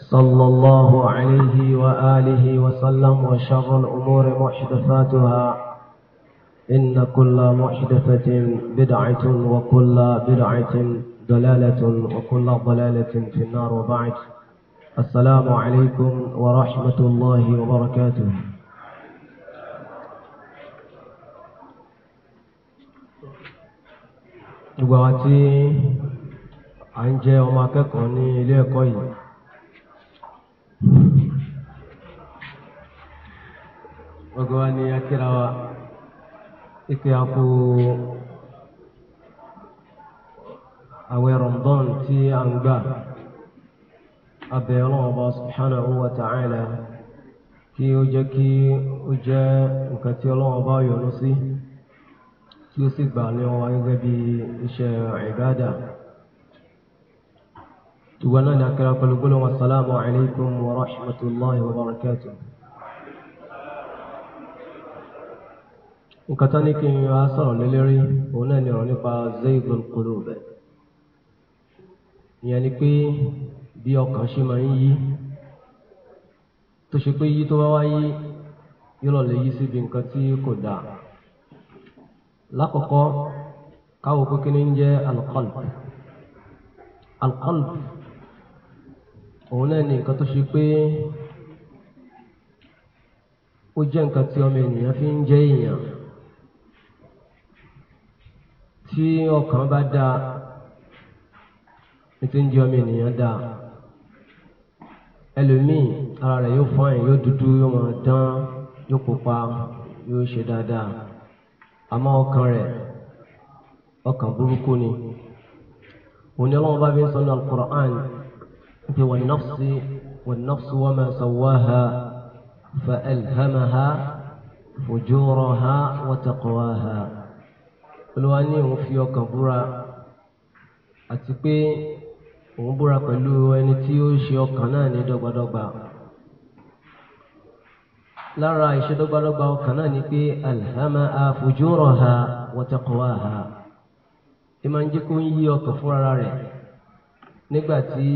صلى الله عليه وآله وسلم وشر الأمور محدثاتها إن كل محدثة بدعة وكل بدعة ضلالة وكل ضلالة في النار وبعد السلام عليكم ورحمة الله وبركاته gbogbo عن tí à ń jẹ́ Wagawani ya kirawa ike ya kú àwẹ̀ ti tí a ń gbà abẹ́ ọlọ́ọ̀bá wa ta'ala kí ó jẹ́ kí ó jẹ́ nǹkan tí ọlọ́ọ̀bá yọ́nú sí ìwọ̀nà ni akẹ́rọ pẹ̀lú gbọ́lọ́wọ́ salamu alaikum wa rahmatullahi wa barakatuh nǹkan tán ní kí n wá sọ̀rọ̀ lélẹ́rí òun náà ni ọ̀rọ̀ nípa zaydul qulub ìyẹn ni pé bí ọkàn ṣe máa ń yí tó ṣe pé yí tó bá wá yí yọlọ lè yí síbi nǹkan tí kò dáa lákọ̀ọ́kọ́ káwọ́ pé kí ni ń jẹ́ alqalb alqalb òun náà ni nǹkan tó ṣe pé ó jẹ́ nǹkan tí ọmọ ènìyàn fi ń jẹ́ èèyàn tí ọkàn bá dáa ní ti ń jẹ́ ọmọ ènìyàn dáa ẹlòmíì ara rẹ̀ yóò fọ́ yóò dúdú yóò máa dán yóò pupa yóò ṣe dáadáa àmọ́ ọkàn rẹ̀ ọkàn burúkú ni òun ni ọlọ́run bá fi ń sọ ní Al-Qur'an. والنفس والنفس وما سواها فألهمها فجورها وتقواها Olúwa ní òun fi ọkàn búra àti pé òun búra pẹ̀lú ẹni tí ó ṣe ọkàn náà ní dọ́gbadọ́gba lára ìṣe dọ́gbadọ́gba ọkàn náà ni pé alhamaha fujuraha wa taqwaha ìmọ̀ ń jẹ́ kó ń yí ọkàn fúnra rẹ̀ nígbà tí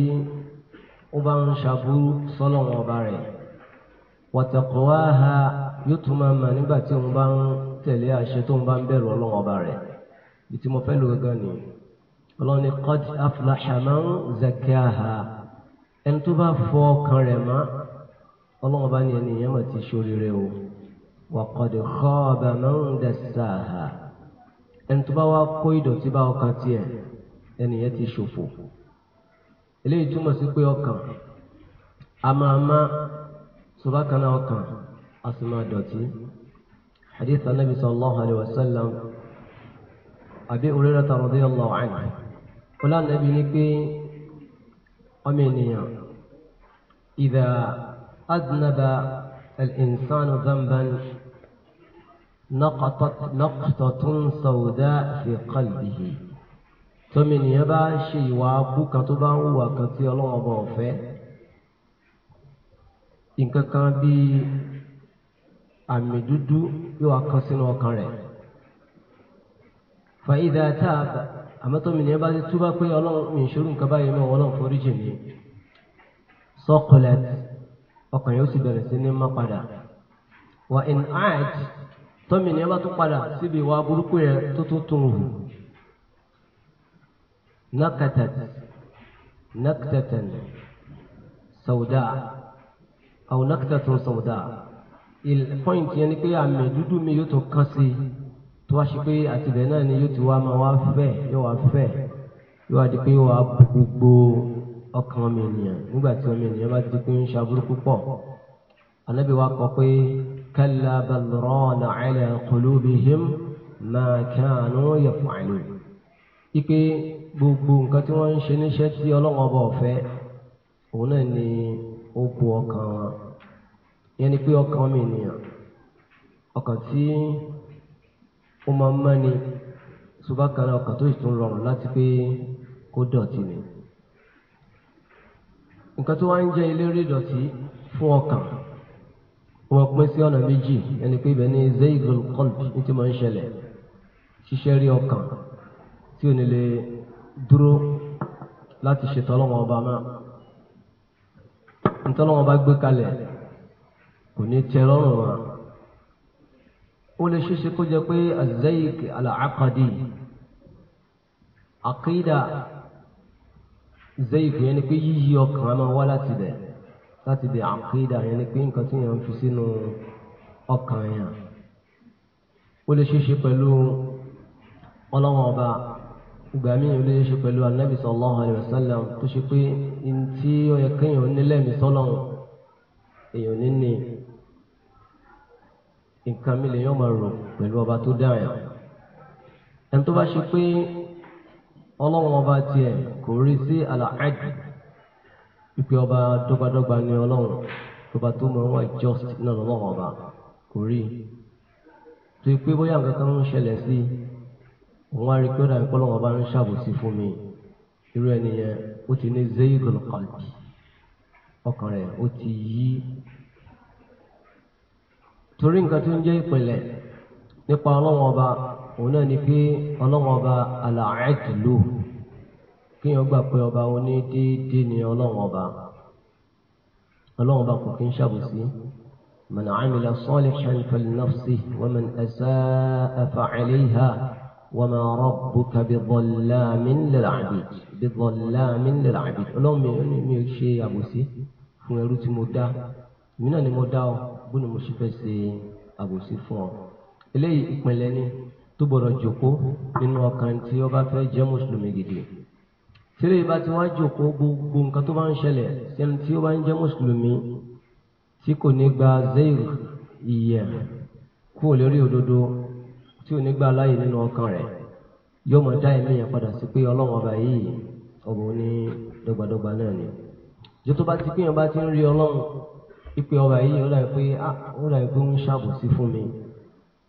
ó bá ń ṣàbúrú sọ́lọ́wọ́n ọba rẹ̀ wàtàkùwá ha yóò tún máa mà nígbà tí òun bá ń tẹ̀lé àṣẹ tó ń bá ń bẹ̀rù ọlọ́wọ́n ọba rẹ̀ bí tí mo fẹ́ lò gángan ni ọlọ́ni qad aflaha man zakkaha ẹni tó bá fọ ọkàn rẹ̀ mọ́ ọlọ́wọ́n ọba ni ẹni yẹn mà ti ṣoríire o wa qad khaba man dassaha ẹni tó bá wá kó ìdọ̀tí bá ọkàn tiẹ̀ ẹni yẹn ti ṣòfò. eléyìí túmọ̀ sí pé ọkàn a máa má subakana ọkàn a sì máa dọ̀tí hadith anabi sallallahu alayhi wa sallam abi hurairata radiyallahu anhu kọlá anabi ni pé ọmọ ènìyàn ìdá adnaba al-insanu dhanban naqatatun sawda fi qalbihi. tọ́mi nìyẹn bá ṣe ìwà abú kan tó bá ń hùwà kan tí ọlọ́run ọba ọ̀fẹ́ nǹkan kan bíi àmì dúdú yóò wá kan sínú ọkàn rẹ̀ fàyídà táàbà àmọ́ tọ́mi nìyẹn bá ti túbá pé ọlọ́run mi ìṣòro nǹkan báyìí mọ́ ọlọ́run forí jì mí sọ́kùlẹ̀tì ọkàn yóò sì bẹ̀rẹ̀ sí ní má padà wà in tọ́mi nìyẹn bá tún padà síbi ìwà burúkú yẹn tó tún tún hù. نكتت نكتة سوداء أو نكتة سوداء البوينت يعني كي عم دودو مي يوتو كاسي تواشي كي أتبنا ني يوتو وما وافه يوافه يوادي كي وابوبو ọkàn ọmọ ènìyàn nígbà tí ọmọ ènìyàn bá ti pé ń ṣàbúrú púpọ̀ anábì wa kọ pé kalla bal rana ala qulubihim ma kanu yaf'alun ipe gbogbo nǹkan tí wọ́n ń ṣe níṣẹ́ tí ọlọ́run ọba ọ̀fẹ́ òun náà ni ó bu ọkàn wọn yẹn ni pé ọkàn mi nìyàn ọkàn tí ó máa ń mẹ́ni ṣùgbọ́n ọkàn tó sì tún rọrùn láti pé kó dọ̀tí ni. nǹkan tó wá ń jẹ́ eléré ìdọ̀tí fún ọkàn wọ́n pín sí ọ̀nà méjì yẹn ni pé ibẹ̀ ni zeygul qalb ní ti máa ń ṣẹlẹ̀ ṣiṣẹ́ rí ọkàn tí ò ní lè dúró láti ṣètò ọlọ́wọ́n ọba náà ntọ́lọ́wọ́n bá gbé kalẹ̀ kò ní tẹ́ lọ́rùn wa ó lè ṣeéṣe kó jẹ pé azayik alaakadi akida zayik yẹn ni pé yíyí ọkàn á máa wá láti bẹ̀ láti bẹ̀ akida yẹn ni pé nǹkan tí yẹn ń fi sínú ọkàn yẹn ó lè ṣeéṣe pẹ̀lú ọlọ́wọ́n ìgbà míì ló ṣe pẹ̀lú anabi sallallahu alayhi wa sallam tó ṣe pé ntí ó yẹ kéèyàn nílẹ̀mí sọ́lọ́run èèyàn níní nǹkan mi lèèyàn máa rò pẹ̀lú ọba tó dára ẹni tó bá ṣe pé ọlọ́run ọba tiẹ̀ kò rí sí àlàáàdì wípé ọba dọ́gbadọ́gba ni ọlọ́run ọba tó mọ̀ wá just náà lọ́wọ́ ọba kò rí tó yẹ pé bóyá nǹkan kan ń ṣẹlẹ̀ sí i òun wá rí i pé ó dàbí pé ọlọ́wọ́n bá ń ṣàbòsí fún mi irú ẹni yẹn ó ti ní zayidul qalbi ọkàn rẹ̀ ó ti yí torí nǹkan tó ń jẹ́ ìpìlẹ̀ nípa ọlọ́wọ́n ọba òun náà ni pé ọlọ́wọ́n ọba al-adlu kéèyàn gbà pé ọba oní déédéé ni ọlọ́wọ́n ọba ọlọ́wọ́n ọba kò kí ń ṣàbòsí man amila salihan falinafsihi wa man asa'a fa'alayha. وما ربك بظلام للعبيد بظلام للعبيد ọlọ́run mi mi ò ṣe àbòsí fún ẹrú tí mo dá èmi náà ni mo dá ọ bó ni mo ṣe fẹ́ ṣe àbòsí fún ọ. eléyìí ìpínlẹ̀ ni tó gbọdọ̀ jókòó nínú ọkàn tí ó bá fẹ́ jẹ́ mùsùlùmí gidi. tílé ìbá tí wọ́n á jókòó gbogbo nǹkan tó bá ń ṣẹlẹ̀ sẹ́ni tí ó bá ń jẹ́ mùsùlùmí tí kò ní gba zeir iyẹ̀ kúrò lórí òdodo tí ò ní gbà láàyè nínú ọkàn rẹ̀ yóò mọ̀ dá ẹ̀mí yẹn padà sí pé ọlọ́run ọba yìí ọ̀bùn ní dọ́gbadọ́gba náà ni jọ tó bá ti pé yẹn bá ti ń rí ọlọ́run ìpè ọba yìí ó dàbí pé ah, ó dàbí pé ń ṣàbòsí fún mi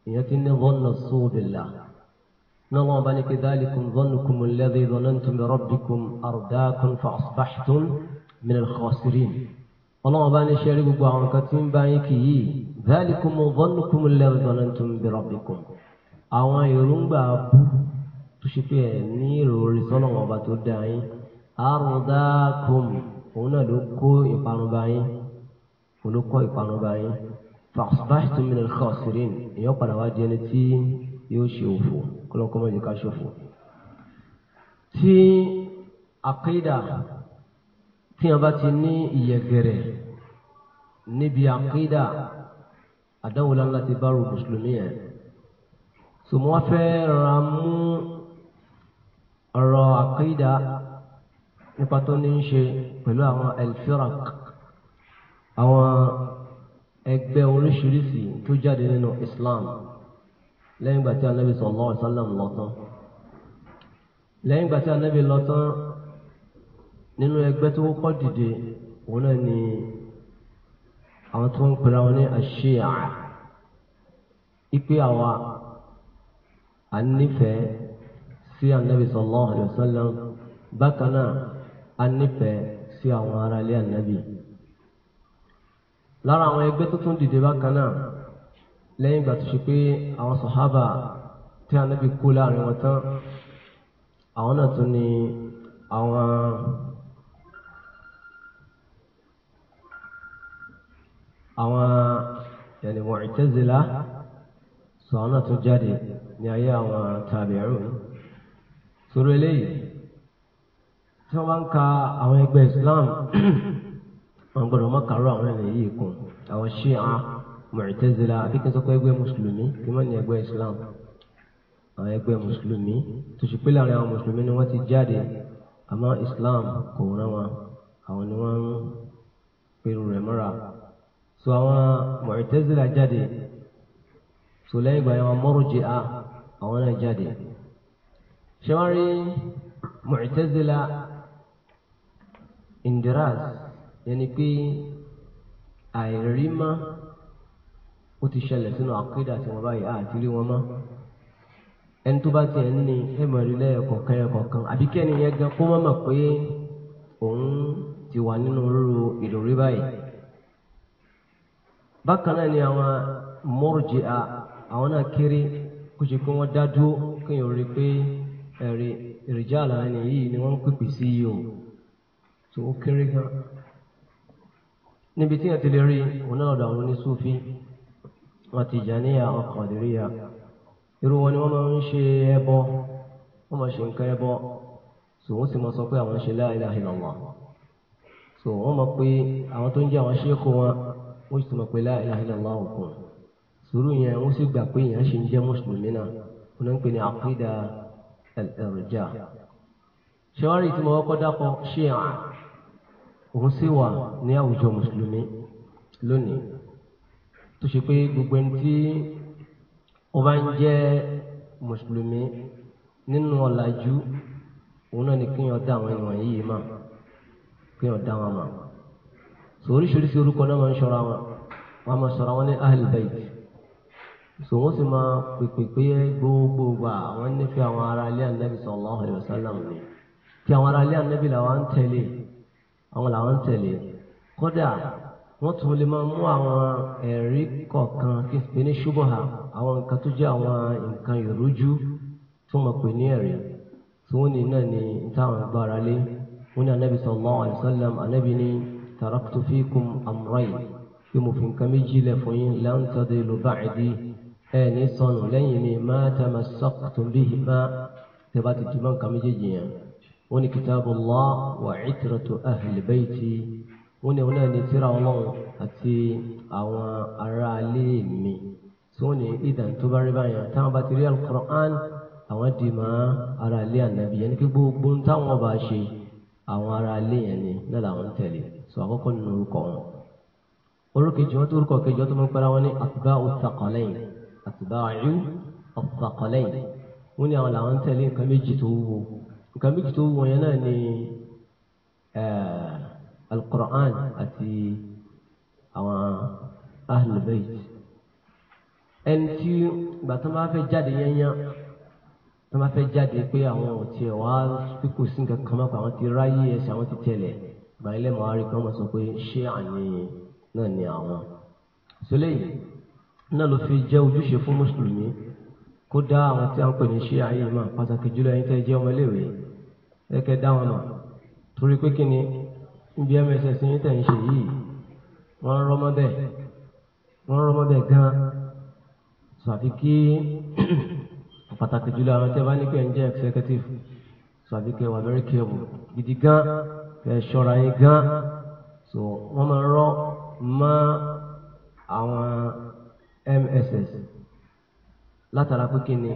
ìyẹn ti ní vọ́nà sóòbìlà náà wọn bá ní pé dáàlìkùn vọ́nùkùn lẹ́dí ìdọ̀nàntùn rọ́bìkùn àrùdákùn fàṣbàṣtùn mìíràn ọlọ́run bá ní ṣẹ́rí gbogbo àwọn kan tí ń bá yín kì í dáàlìkùn vọ́nùkùn lẹ́dí ìdọ̀nàntùn rọ́bìkùn àwọn èròǹgbà abú tó ṣe pé ẹ ní èrò orí sọ́nà ọba tó dá yín àrùn dákùn òun náà ló kó ìparun bá yín òun ló kó ìparun bá yín fàṣbáṣtù minal khasirin èèyàn padà wá jẹni tí yóò ṣe òfò kọlọ́kọ́ mọ́jú ká ṣòfò. tí àkídà tí wọn bá ti ní ìyẹ̀gẹ̀rẹ̀ níbi àkídà àdáwòlá ńlá ti bá rò mùsùlùmí yẹn so mo wá fẹ́ rọra mú ọ̀rọ̀ àkídà nípa tó ní í ṣe pẹ̀lú àwọn elfirak àwọn ẹgbẹ́ oríṣiríṣi tó jáde nínú Islam lẹ́yìn ìgbà tí anabi sallallahu alaihi wasallam lọ tán lẹ́yìn ìgbà anabi lọ tán nínú tó kọ́ dìde òun náà ni àwọn tó ń pera wọn ní àṣeyà ipe àwa a nífẹ̀ẹ́ sí anabi sallallahu alayhi wa sallam bákan náà a nífẹ̀ẹ́ sí àwọn ará ilé anabi. lára àwọn ẹgbẹ́ tó tún dìde bákan náà lẹ́yìn ìgbà tó ṣe pé àwọn sàhábà tí anabi kú láàrin wọn tán àwọn náà tún ní àwọn. àwọn yẹn ni Mu'tazila sọ̀rọ̀ náà tó jáde ní ayé àwọn tàbíẹ̀rùn sórí eléyìí tí wọ́n bá ń ka àwọn ẹgbẹ́ Islam wọn gbọ́dọ̀ má kàró àwọn ẹ̀rẹ̀ yìí kù àwọn Shia Mu'tazila àbí kí n pé ẹgbẹ́ mùsùlùmí kí wọ́n ní ẹgbẹ́ Islam àwọn ẹgbẹ́ mùsùlùmí tó ṣe pé láàrin àwọn mùsùlùmí ni wọ́n ti jáde àmọ́ Islam kò rán wọn àwọn ni wọ́n ń pèrò rẹ̀ mọ́ra so àwọn Mu'tazila jáde so lẹ́yìn ìgbà yẹn wọn Murji'a àwọn náà jáde ṣé wọ́n rí Mu'tazila indiras yẹni pé àìrí mọ́ ó ti ṣẹlẹ̀ sínú àkídà tí wọ́n báyìí àti rí wọn mọ́ ẹni tó bá tiẹ̀ ń ní ẹ̀mọ̀rí lẹ́yọ̀kọ̀kan ẹ̀kọ̀kan àbí kẹ́ni yẹn gan kó má mọ̀ pé òun ti wà nínú rúru ìròrí báyìí bákan náà ni àwọn Murji'a àwọn náà kéré kó ṣe pé wọ́n dá dúró kéèyàn rí pé ẹ̀rí ìrìjà àlàyé yìí ni wọ́n ń pèpè sí yìí o tó ó kéré gan. níbi tí yẹn ti lè rí òun náà lọ́dọ̀ àwọn oníṣòfì wọn ti jà níyà ọkàn lérí ya irú wọn ni wọ́n máa ń ṣe ẹbọ wọ́n máa ṣe nǹkan ẹbọ tó wọ́n sì máa sọ pé àwọn ń ṣe la ilaha tó wọ́n mọ̀ pé àwọn tó ń jẹ́ àwọn ṣéèkó wọn wọ́n sì mọ̀ pé la ilaha òkun sùúrù yẹn wọ́n sì gbà pé èèyàn ṣe ń jẹ́ mùsùlùmí náà wọ́n ń pè ní àkúdà ẹ̀rọ̀jà. ṣẹ́wárì tí mo kọ́kọ́ dákọ̀ ṣe à òun sì wà ní àwùjọ mùsùlùmí lónìí tó ṣe pé gbogbo ẹni tí ó bá ń jẹ́ mùsùlùmí nínú ọ̀làjú òun náà ni kí wọ́n dá àwọn ènìyàn yìí mà kí wọ́n dá wọn mà. sọ oríṣiríṣi orúkọ náà máa ń ṣọra wọn wọn máa ṣọra wọn ní ahlul so wọ́n sì máa pèpè pé gbogbo wa àwọn nífẹ̀ẹ́ àwọn ará ilé ànábì sallallahu alaihi wasallam ni kí àwọn ará ilé ànábì làwọn ń tẹ̀lé àwọn làwọn ń tẹ̀lé kódà wọ́n tún lè máa mú àwọn ẹ̀rí kọ̀ọ̀kan kí n pè ní ṣubaha àwọn nǹkan tó jẹ́ àwọn nǹkan ìrújú tó mọ̀ pé ní ẹ̀rí tí wọ́n ní náà ní táwọn agbára lé wọ́n ní ànábì sallallahu alaihi wasallam ẹ ní sọnù lẹ́yìn mi má tamassaktum bihima tẹ́ bá ti jùmọ̀ nǹkan méjèèjì yẹn wọ́n ní kitabullah wa itratu ahli bayti wọ́n ní wọn náà ní tírà ọlọ́run àti àwọn ará ilé mi tí wọ́n ní ìdàn tó bá rí báyẹn táwọn bá ti rí al àwọn dì má ará ilé ànábì yẹn ní kí gbogbo táwọn bá ṣe àwọn ará ilé yẹn ni náà làwọn tẹ̀lé sọ àkọ́kọ́ nínú orúkọ wọn orúkọ kejì tó orúkọ kejì wọn tó máa ń pẹ́ra wọn ní atba'u thaqalayn àtibáyú ọ̀pàkọ́lẹ́yìn wọ́n ní àwọn làwọn ń tẹ̀lé nǹkan méjì tó wúwo nǹkan méjì tó wúwo yẹn náà ni eh, alukur'an àti àwọn ahlulbayt ẹni tí gbàtọ́ máa fẹ́ jáde yẹnyẹn tó máa fẹ́ jáde pé àwọn ò tiẹ̀ wá pé sí nǹkan kan mọ́pọ̀ àwọn ti ráyè ẹsẹ̀ àwọn ti tẹ̀lẹ̀ gbàyẹn lẹ́mọ̀ọ́ àríkọ́ wọn sọ pé ṣé àní náà ni àwọn. sọlẹ́yìn náà ló fi jẹ́ ojúṣe fún mùsùlùmí kó dá àwọn tí a ń pè ní ṣé ayé mà pàtàkì jùlọ ẹ̀yin tẹ́ jẹ́ ọmọ iléèwé ẹ̀kẹ́ dá wọn mà torí pé kí ni ibi mss yín tẹ̀ ń ṣe yìí wọ́n rọ́mọ́ wọ́n rọ́mọ́ gan-an sàfi kí pàtàkì jùlọ àwọn tí a bá ní pé ń jẹ́ executive sàfi kẹ́ wà very careful gidi gan-an kẹ́ yín gan so wọ́n máa rọ́ mọ́ àwọn mss látara pé kí ni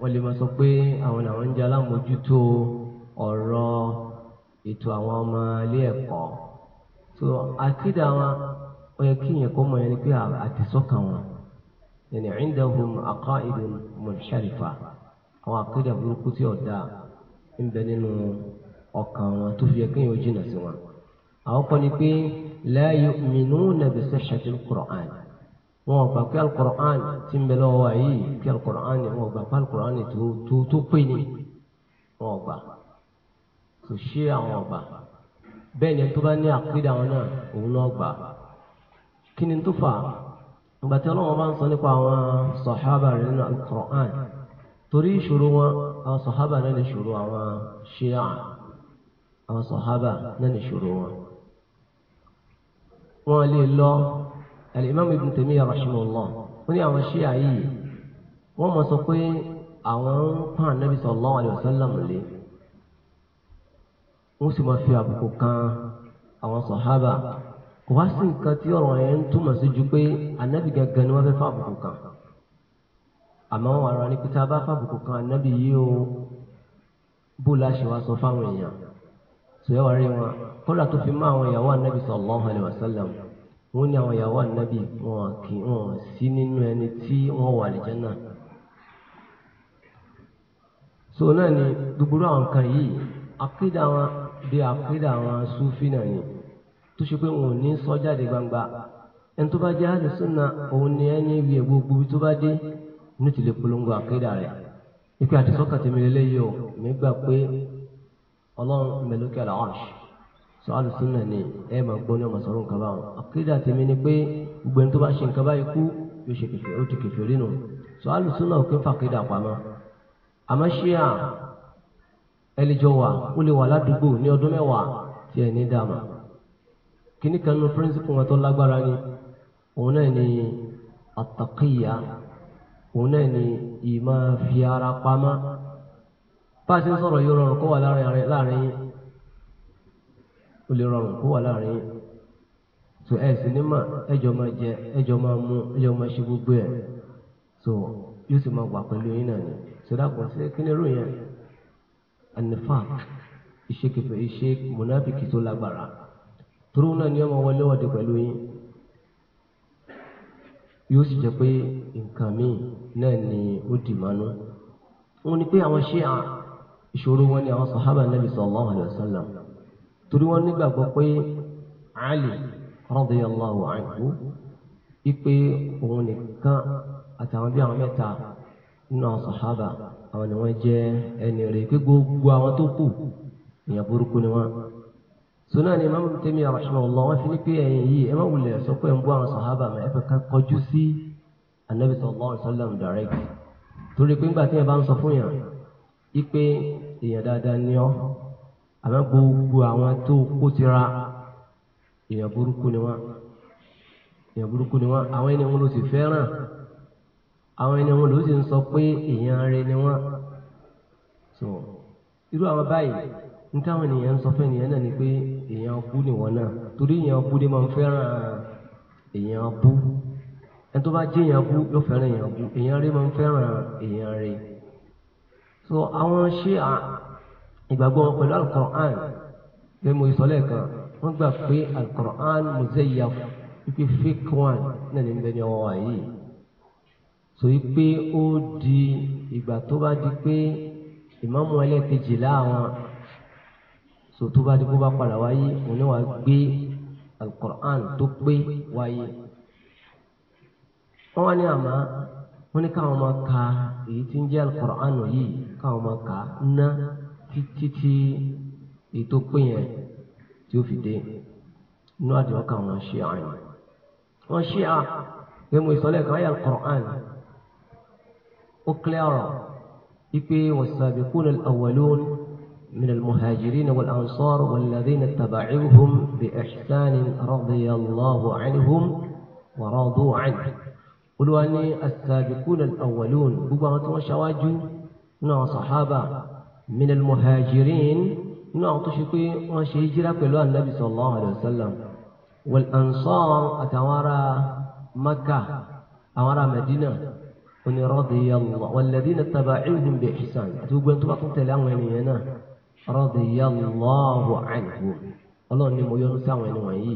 wọ́n lè máa sọ pé àwọn làwọn ń jẹ́ alámòójútó ọ̀rọ̀ ètò àwọn ọmọ ilé ẹ̀kọ́ so àkídà wọn ó yẹ kí yẹn kó mọ yẹn ni pé àtisọ́kàn wọn yẹnì indahum aqaid munharifa àwọn àkídà burúkú tí ọ̀dà ń bẹ nínú ọkàn wọn tó fi yẹ kí yẹn ó sí wọn. àwọn kan ni pé la yu'minuna bi sihhatil Qur'an wọn ò gbà pé alukur'an ti ń bẹ lọ́wọ́ wa yìí kí alukur'an wọn ò gbà pé alukur'an tó tó tó pé ni wọn ò gbà kò ṣe àwọn ọgbà bẹ́ẹ̀ ni tó bá ní àkídà wọn náà òun náà gbà kí ni tó fà ìgbà tí ọlọ́wọ́n bá ń sọ nípa àwọn sọ̀hábà rẹ̀ nínú alukur'an torí ìṣòro wọn àwọn sọ̀hábà náà lè ṣòro àwọn ṣíà àwọn sọ̀hábà náà lè ṣòro wọn wọn lè lọ alimami ibn tèmíyà rahimahullah ó ní àwọn ṣíà yìí wọ́n mọ̀ sọ pé àwọn ń pàn nabi sallallahu alaihi wasallam lé wọ́n sì máa fi àbùkù kan àwọn sọ̀hábà kò wá sí nǹkan tí ọ̀rọ̀ yẹn ń túmọ̀ sí ju pé anabi gangan ni wọ́n fẹ́ fà àbùkù kan àmọ́ àwọn ará ní pété abá fàbùkù kan anabi yìí ó bó láṣẹ wá sọ fáwọn èèyàn sọ yẹ wàá rí wọn kọ́lá tó fi mọ́ àwọn ìyàwó anabi sallallahu alaihi wasallam. wọ́n ní àwọn ìyàwó ànábì wọn kì wọn sí nínú ẹni tí wọ́n wà lẹ́jẹ́ náà. so náà ni gbogbo àwọn nǹkan yìí akéde àwọn bí akéde àwọn sufi náà ni tó ṣe pé wọn ò ní sọ gbangba ẹni tó bá jẹ́ àdìsúnà òun ni ẹni wíyẹ gbogbo tó bá dé ní polongo akéde ipe lélẹ́yìí o mi gbà pé ọlọ́run mẹ́lókè sọ alùsùnà ni ẹ máa gbọ́ ní ọmọ sọ̀rọ̀ nǹkan báwọn akéde àtẹ̀mí ni pé gbogbo ẹni tó bá ṣe nǹkan báyìí kú yóò ṣe kẹfẹ́ ó ti kẹfẹ́ rí nù sọ òkè fàkéde àpamọ́ àmọ́ ẹlẹ́jọ́ ó lè wà ládùúgbò ó lè rọrùn kó wà láàrin yìí so ẹ sì ní mà ẹjọ máa jẹ ẹjọ máa mú ẹjọ máa ṣe gbogbo ẹ so yóò sì máa wà pẹ̀lú yín náà ni sọdọ́kùn sí kí ni irú yẹn ànífà iṣẹ́ kẹfẹ́ iṣẹ́ mọ̀nàbìkì tó lágbára tóró náà ni ọmọ wọlé wọ̀de pẹ̀lú yín yóò sì jẹ pé nǹkan míì náà ni ó dì mánú wọn ni pé àwọn ṣé à ìṣòro wọn ni àwọn sàhábà Nábì sallallahu alaihi wasallam torí wọ́n nígbàgbọ́ pé Ali radiyallahu anhu ipe òun nìkan àtàwọn bí àwọn mẹ́ta nínú àwọn sàhábà àwọn ni wọ́n jẹ́ ẹni rẹ̀ pé gbogbo àwọn tó kù èèyàn burúkú ni wọ́n. sọ́nà ni Imam Taymiyyah rahimahullah wọ́n fi ní pé ẹ̀yìn yìí ẹ má wulẹ̀ sọ pé ń bú àwọn sàhábà mẹ́ ẹ ká kọjú sí anabi sallallahu alaihi wasallam direct torí pé ńgbà tí yẹn bá ń sọ fún yàn ipe èèyàn dáadáa ni ọ́ àbẹ gbogbo àwọn tó kó tira èèyàn burúkú ni wọn èèyàn burúkú ni wọn àwọn ẹni wọn ló sì fẹ́ràn àwọn ẹni wọn ló sì ń sọ pé èèyàn rẹ ni wọn so irú àwọn báyìí ní táwọn ènìyàn ń sọ fún ènìyàn náà ni pé èèyàn bú ni wọn náà torí èèyàn bú ni wọn fẹ́ràn èèyàn bú ẹni tó bá jẹ́ èèyàn bú yóò fẹ́ràn èèyàn bú èèyàn rẹ máa ń fẹ́ràn èèyàn rẹ so àwọn ṣé ìgbàgbọ́ wọn pẹ̀lú alukur'an pé mo sọ lẹ́ẹ̀kan wọ́n gbà pé alukur'an muzayyaf wípé fake one náà ní bẹ́ẹ̀ ni ọwọ́ wa yìí so wípé ó di ìgbà tó bá di pé ìmáàmù ẹlẹ́ẹ̀kejì láwọn so tó bá di kó bá padà wáyé òun náà wá gbé alukur'an tó pé wáyé wọ́n wá ní àmà wọ́n ní káwọn máa ka èyí tí ń jẹ́ alukur'an yìí káwọn máa kà ná títí tí ètò pín yẹn tí ó fi dé inú àdìwọ́n kan wọn ṣe àárín wọn ṣe à pé mo ìsọlẹ̀ kan ayé al ó kílẹ̀ ọ̀rọ̀ wípé was-sabiquna al-awwalun من المهاجرين والأنصار والذين اتبعوهم بإحسان رضي الله عنهم ورضوا عنه قلوا أني السابقون الأولون بقى وشواج تمشى واجه min al-muhajirin nínú àwọn tó ṣe pé wọ́n ṣe hijira pẹ̀lú anabi sallallahu alayhi wa sallam wal ansar àtàwọn ará maka àwọn ará madina oní radiyallahu walladhina taba'uhum bi ihsan àti gbogbo ẹni tó bá tún tẹ̀lé àwọn ènìyàn náà radiyallahu anhu ọlọ́run ni mo yọ́nú sáwọn ẹni wọ̀nyí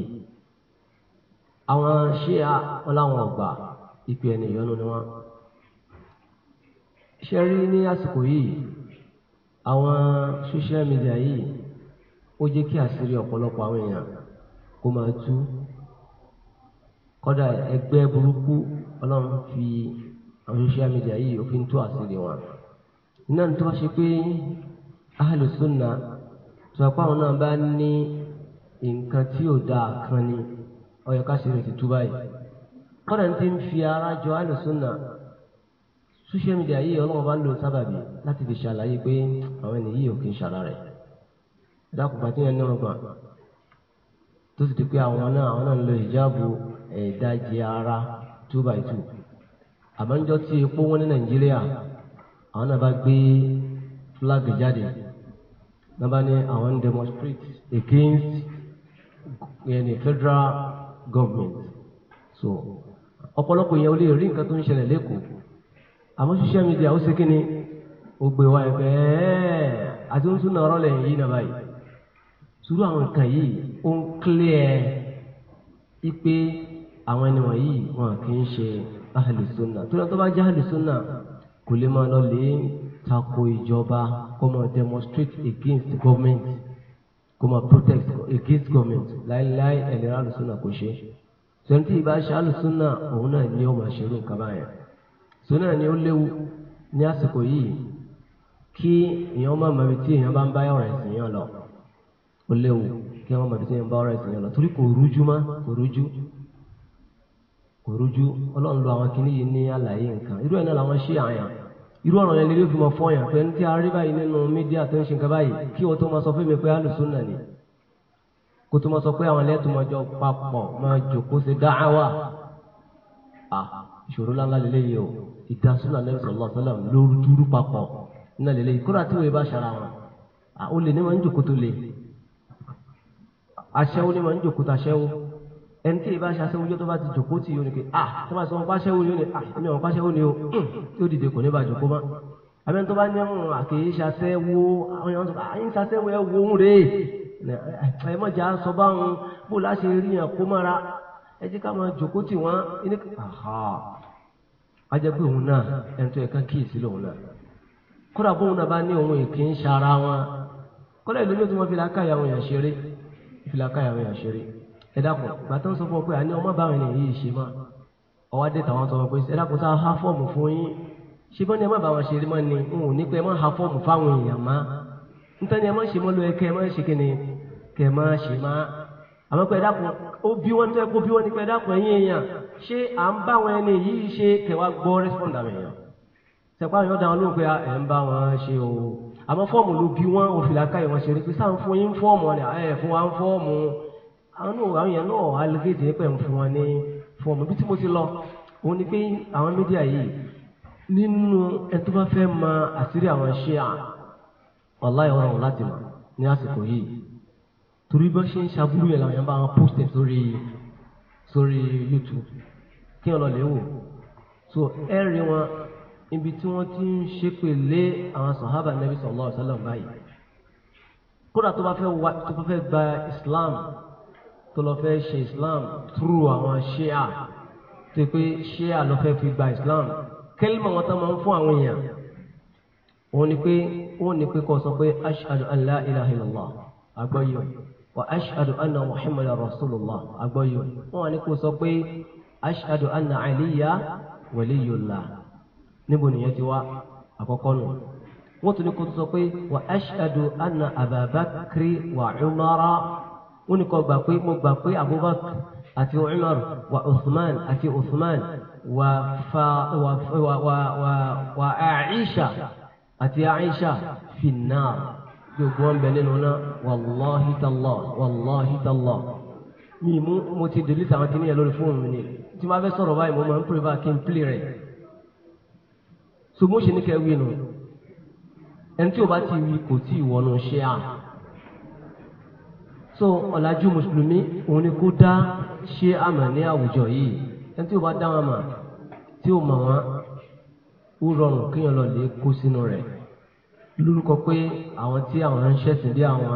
àwọn ṣíà ọláwọn ọgbà ìpè ẹni ìyọnu ni wọn ṣe rí ní àsìkò yìí àwọn social media yìí ó jẹ́ kí àṣírí ọ̀pọ̀lọpọ̀ àwọn èèyàn kó máa tú kódà ẹgbẹ́ burúkú ọlọ́run fi àwọn social media yìí ó fi ń tú àṣírí wọn. iná ní tó bá ṣe pé ahlu sunna tó apá àwọn náà bá ní nǹkan tí ò dáa kan ni ó ṣe rẹ̀ ti tú báyìí kódà ní ti ń fi ara jọ ahlu social media yìí ọlọ́wọ́ bá ń lo sábàbí láti fi ṣàlàyé pé àwọn ẹni yìí ò kì í ṣàlà rẹ̀ tí ní ọgbà tó sì di pé àwọn náà àwọn náà ń lo ara two by two àmọ́ tí epo wọn ní nàìjíríà àwọn náà flag jáde náà bá ní àwọn ń demonstrate against yẹnì federal government so ọ̀pọ̀lọpọ̀ yẹn ò lè rí nǹkan tó ń àmọ́ social media ó ṣe kí ni ó gbé wa ẹ̀ bẹ́ẹ̀ àti ń sún ọ̀rọ̀ lẹ́yìn yìí nàbà yìí sùúrù àwọn nǹkan yìí ó ń clear ipe àwọn ẹni wọ̀nyí wọn kì í ṣe ahàlùsọ́nà tó lọ tó bá jẹ́ ahàlùsọ́nà kò lè máa lọ tako ìjọba kó demonstrate against government kó máa protest against government láéláé ẹ̀lẹ́rẹ́ ahàlùsọ́nà kò ṣe sọ̀rọ̀ tí ìbá ṣe ahàlùsọ́nà òun náà ni ó máa ṣerú nǹkan báyẹn tó náà ni ó léwu ní àsìkò yìí kí èèyàn má mọ ibi tí èèyàn bá ń bá ọ̀rọ̀ ẹ̀sìn yàn lọ ó léwu kí wọ́n mọ ibi tí èèyàn bá ọ̀rọ̀ ẹ̀sìn yàn lọ torí kò rújú má kò rújú kò rújú ọlọ́run lo àwọn kìnnì yìí ní àlàyé nǹkan irú ẹ̀ náà làwọn ṣí àyàn irú ọ̀rọ̀ yẹn lè fi mọ fọ́ yàn pé ní tí báyìí nínú mídíà tó ń ṣe nǹkan báyìí kí wọ́n tó máa sọ fún mi pé alùsùn nà ni kó tó máa sọ pé àwọn ẹlẹ́tùn máa jọ papọ̀ máa jòkó ṣe dáhàwà ìṣòro láńlá lélẹ́yìí o ìdásúnà Ànábì sallallahu alaihi wasallam lóru túrú papọ̀ iná lélẹ̀ ìkúrà tí wọ́n bá ṣara wọn ó lè ní ma ń jòkótó lè aṣẹ́wó ní ma ń jòkótó aṣẹ́wó ẹni tí ìbá ṣe aṣẹ́wó yóò tó bá ti jòkó tì yóò ní pé ah tó bá sọ wọn pàṣẹwó yóò ní ah ẹni wọn pàṣẹwó ni o tí ó dìde kò ní bá jòkó mọ́ abẹ́ni tó bá ní ọ̀hún àkèéṣe aṣẹ́wó àwọn yàrá tó bá àyìn ṣaṣẹ́wó ẹ̀ wò ń rèé ẹ mọ̀jà sọ báwọn bó láṣẹ rí yàn kó mọ́ra ẹ jẹ́ ká máa ajẹ́pẹ́ òun náà ẹni tó yẹ ká kíyèsí lòun náà kódà bóun náà bá ní òun ìkí ń ṣara wọn kódà ìlú ní o ti mọ fìlà káyà àwọn èèyàn ṣeré fìlà káyà àwọn èèyàn ṣeré ẹ dákun ìgbà tó ń sọ fún ọ pé àní ọmọ báwọn ènìyàn yìí ṣe mọ ọwọ́ adé tàwọn sọ pé ẹ dákun tá a há fọ́ọ̀mù fún yín ṣé bọ́ ni ẹ má báwọn ṣeré mọ́ ni n ò ní pé ẹ má há fọ́ọ̀mù fáwọn èèyàn má nítorí ẹ má ṣe mọ́ lóye kẹ́ ẹ má ṣe kíni kẹ́ ẹ má ṣe má àmọ́ pé ẹ̀dá kan ó bí wọ́n tó ẹ kó bí wọ́n ní pé ẹ̀dá kan yín èèyàn ṣé à ń bá wọn ẹni yìí ṣe kẹwàá gbọ́ rẹ́spọ́ǹd àmì èèyàn sẹ̀pá àwọn ọ̀dà wọn ló ń pe ẹ̀ ń bá wọn ṣe o àmọ́ fọ́ọ̀mù ló bí wọ́n òfìlà káyọ̀ wọn ṣe rí pé sáà ń fún yín fọ́ọ̀mù ọ̀nà ẹ̀ fún wa ń fọ́ọ̀mù àwọn náà àwọn yẹn náà alẹ́gẹ́dẹ́ pẹ̀ ń fún wọn ní fọ́ọ̀mù bí tí mo ti lọ òun ni pé àwọn mídíà yìí nínú ẹni tó bá fẹ́ mọ àṣírí àwọn ṣíà wàláyé ọ̀rọ̀ láti mọ̀ ní àsìkò yìí torí bá ṣe ń ṣàbúrú yẹn làwọn yẹn bá wọn post sórí sórí youtube kí wọn lọ lè wò so ẹ rí wọn ibi tí wọn ti ń ṣépè lé àwọn sàhábà nàbí sallallahu alaihi wasallam báyìí kódà tó bá fẹ́ wá tó bá fẹ́ gba islam tó lọ fẹ́ ṣe islam through àwọn ṣíà tó pé ṣíà lọ fẹ́ fi gba islam kẹ́lìmọ̀ wọn tó máa ń fún àwọn èèyàn òun ni pé òun ni pé kó sọ pé ashhadu an la illallah àgbọ̀yọ̀ wa ashadu anna muhammadan rasulullah agbọ́yọ̀ wọn ni kò sọ pé ashadu anna aliya waliyullah níbo nìyẹn ti wá àkọ́kọ́ nù wọ́n tún ní kó sọ pé wa ashadu anna ababakiri wa umara wọ́n ní kó gbà pé mo gbà pé abubakar àti umar wa usman àti usman wa fa wa wa wa wa aisha àti aisha finnaar gbogbo ọ̀n bẹ nínú náà wàláhi tàlọ́ wàláhi tàlọ́ mi mú mo ti delete àwọn kìnìyàn lórí fóònù mi ni tí wọ́n fẹ́ sọ̀rọ̀ báyìí mo máa ń pè bá kí n play rẹ̀ so ṣe ní kẹ́ wí nù ẹni tí o bá ti wí kò tí ì wọnú ṣe à so ọ̀làjú mùsùlùmí òun ni kó dá ṣe àmà ní àwùjọ yìí ẹni tí o bá dá wọn mà tí o mọ̀ wọn ó rọrùn kéèyàn lọ lè kó sínú rẹ̀. lórúkọ pé àwọn tí àwọn ń ṣẹ̀sìn bí àwọn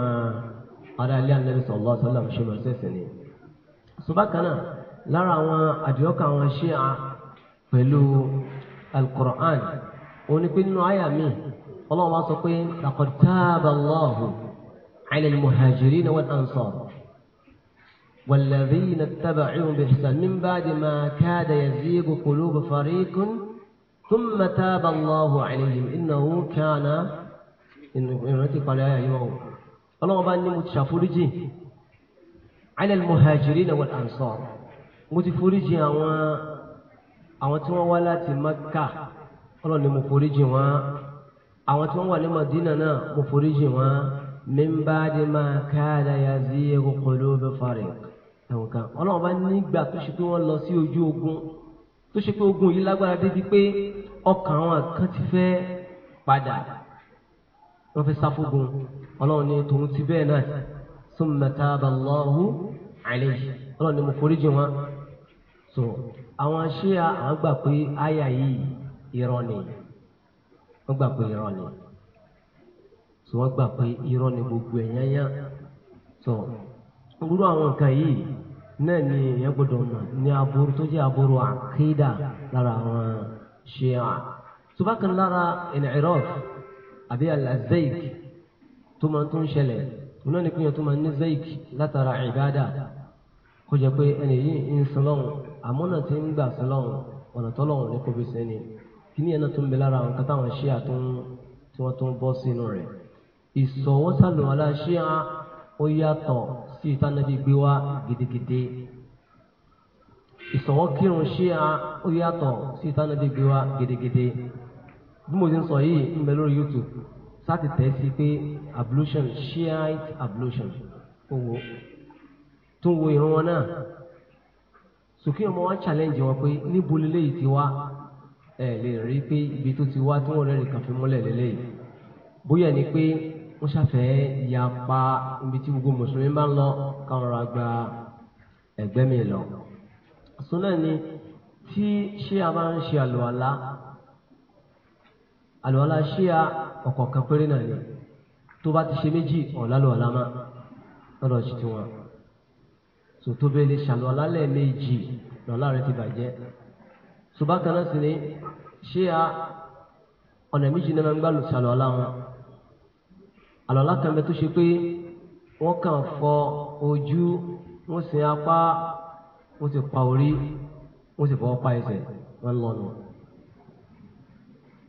ará ilé Ànábì sallallahu alaihi wasallam ṣe máa ṣẹ̀sìn ni. subakana lára àwọn àdìọ́kà à Ṣíà pẹ̀lú al-Qur'an òun ni pé nínú àyà mi ọlọ́run bá sọ pé laqad taaba Allahu ala al-muhajirina wal-ansar والذين اتبعوهم بإحسان من بعد ما كاد يزيغ قلوب فريق ثم تاب الله عليهم إنه كان ìrántí ìparí ayé àyè wọn o ọlọ́wọ́n bá ní mo ti ṣàforíjì alẹ́ muhajirin wal ansar mo ti foríjì àwọn àwọn tí wọ́n wá láti Makka ọlọ́run ni mo foríjì wọn àwọn tí wọ́n wà ní Madina náà mo foríjì wọn mímbá di máa káàdà ya sí ẹkọ pẹ̀lú bẹ́fàrẹ̀ ẹ̀wọ̀n kan ọlọ́run bá nígbà tó ṣe pé wọ́n lọ sí ojú ogun tó ṣe pé ogun yìí lágbára débi pé ọkàn àwọn kan ti fẹ́ padà wọ́n fi sáfógun ọlọ́run ní tòun ti bẹ́ẹ̀ náà summa taba Allahu alayhi ọlọ́run ní mo foríjì wọn. so àwọn ṣé àwọn gbà pé àyà yìí irọ́ ni wọ́n gbà pé irọ́ ni so wọ́n gbà pé irọ́ ni gbogbo ẹ̀ yányá so irú àwọn nǹkan yìí náà ni èèyàn gbọ́dọ̀ mọ̀ ní aburú tó jẹ́ aburú àkídà lára àwọn ṣé à. so bákan lára ìnìrọ́ọ̀fù àbí alazeik tó máa tó ń ṣẹlẹ̀ iná ní pínyàn tó máa ní zeik látara ìbáadà kó jẹ pé ẹni yìí ń sin lọ́hùn àmọ́nà tí ń gbà sin lọ́hùn ọ̀nà tó lọ́hùn ní kóbi sí ni kí ni ẹ̀nà tó ń bẹ lára àwọn kátà wọn ṣíà tó ń tí wọ́n tó ń bọ́ sínú rẹ̀ ìsọ̀wọ́ aláṣíà ó yàtọ̀ sí ìtànàbí gbé wá gidigidi ìsọ̀wọ́ ṣíà ó yàtọ̀ sí ìtànàbí gbé wá gidigidi bí mo ti ń sọ yìí ń bẹ lórí youtube sáti tẹ̀ sí pé ablution shiite ablution owó tó ń wo irun wọn náà sòkè ọmọ wa challenge wọn pé níbo lélẹ́yìí ti wá ẹ lè rí pé ibi tó ti wá tí wọ́n rẹ́rìn kàn mọ́lẹ̀ lélẹ́yìí bóyá ni pé wọ́n ṣàfẹ́ ya pa ibi tí gbogbo mùsùlùmí máa ń lọ káwọn ra gba ẹgbẹ́ mi lọ. sọ náà ni tí ṣé a máa ń ṣe àlọ́ àlá àlùwàlá ṣíà ọ̀kọ̀ọ̀kan péré náà ni tó bá ti ṣe méjì ọ̀làlùwàlá má lọ́dọ̀ ṣì ti wọn sòtó bẹ́ẹ̀ lè ṣàlùwàlá lẹ́ẹ̀mejì lọ́la rẹ ti bàjẹ́ ṣùgbọ́n náà sì ni ṣíà ọ̀nà méjì náà máa ń gbà lù ṣàlùwàlá wọn àlùwàlá kan bẹ tó ṣe pé wọ́n kàn fọ ojú wọ́n sin apá wọ́n sì pa orí wọ́n sì fọwọ́ pa ẹsẹ̀ wọ́n lọ́nu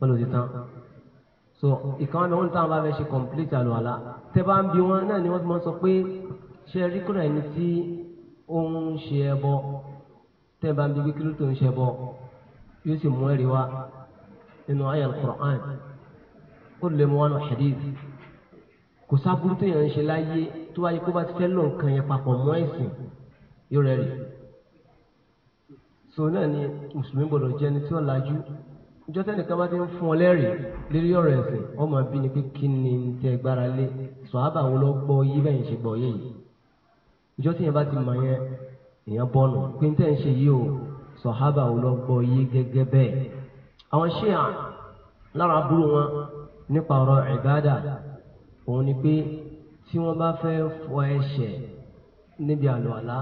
wọn lò ti tán so ìkan wọn táwọn bá fẹ́ ṣe complete àlùwàlá tẹ́ bá ń bi wọn náà ni wọ́n ti mọ sọ pé ṣe rí kúrò ẹni tí ó ń ṣe ẹbọ tẹ́ bá ń bi kíkiri tó ń ṣe ẹbọ yóò sì mú ẹ̀rí wá nínú àyá quran ó lè mú wọn lọ hadith kò sábúrú tó yàn ń ṣe láyé tó wáyé kó bá ti fẹ́ lọ nǹkan yẹn papọ̀ mọ́ ẹ̀sìn yóò rẹ̀ rí so náà ni mùsùlùmí gbọdọ̀ jẹ́ ẹni tí ó lajú ìjọ tẹ́nìkan bá ti ń fún ọ lẹ́rìí lórí ọ̀rọ̀ ẹ̀sìn wọ́n máa bí ni pé kí ni ń tẹ gbára lé sọ̀hábà wo lọ gbọ́ yí bẹ́ẹ̀ ń ṣe gbọ́ yé yìí ìjọ tí yẹn bá ti mọ̀ yẹn èèyàn bọ́ọ̀nù pé ń tẹ́ ń ṣe yìí o sọ̀hábà wo lọ gbọ́ yí gẹ́gẹ́ bẹ́ẹ̀ àwọn ṣíà lára burú wọn nípa ọ̀rọ̀ ìbádà òun ni pé tí wọ́n bá fẹ́ fọ ẹsẹ̀ níbi àlùwàlá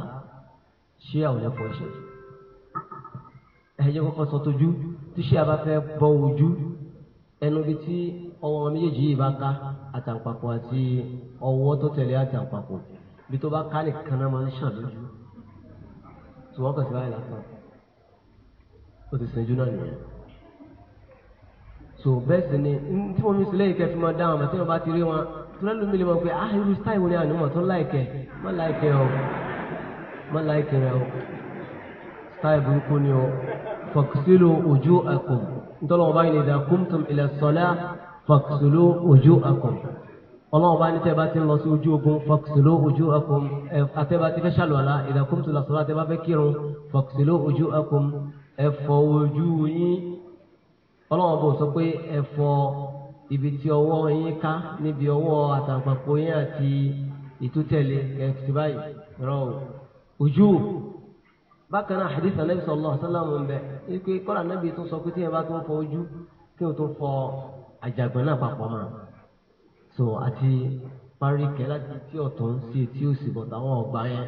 ṣíà ò tíṣe abáfẹ́ bọ ojú ẹnu bíi tí ọwọ́ méjèèjì yìí bá ká àtàǹpàkò àti ọwọ́ tó tẹ̀lé àtàǹpàkò bí tó bá ká nìkan náà máa ń ṣàn lójú tí wọ́n kàn sí báyìí lásán ó ti sinjú náà nìyẹn. so bẹ́ẹ̀ sì ni tí wọ́n mi sílẹ̀ yìí kẹ́ fi máa dáhùn àmọ́ tí wọ́n bá ti rí wọn tí wọ́n lómi lè mọ̀ pé ah irú style wo ni ànímọ̀ tó láìkẹ́ má láìkẹ́ o má láìkẹ́ rẹ o style burúkú ni o. فاغسلوا وجوهكم ntọ́lọ́ ọba yìí idha kumtum ila salah faghsilu wujuhakum ọlọ́wọ́ bá ní tẹ́ bá ti ń lọ sí ojú ogun faghsilu wujuhakum àtẹ́bá ti fẹ́ ṣàlùwàlá idha kumtum ila salah àtẹ́bá fẹ́ kírun faghsilu wujuhakum ẹ fọ ojú yín ọlọ́wọ́ bò sọ pé ẹ fọ ibi tí ọwọ́ yín ká níbi ọwọ́ àtàǹpàpọ̀ yín àti ìtútẹ̀lé ẹ̀ tìbáyìí rọ ojú bákan náà hadith anabi sallallahu alaihi wasallam ń bẹ ike kọ́ra anabi tó sọ pé tí ẹ bá tó ń fọ ojú kí o tó fọ àjàgbọ́n náà papọ̀ mọ́ so àti parí kẹ́ láti etí ọ̀tún sí etí òsì bọ̀ táwọn ọgbà yẹn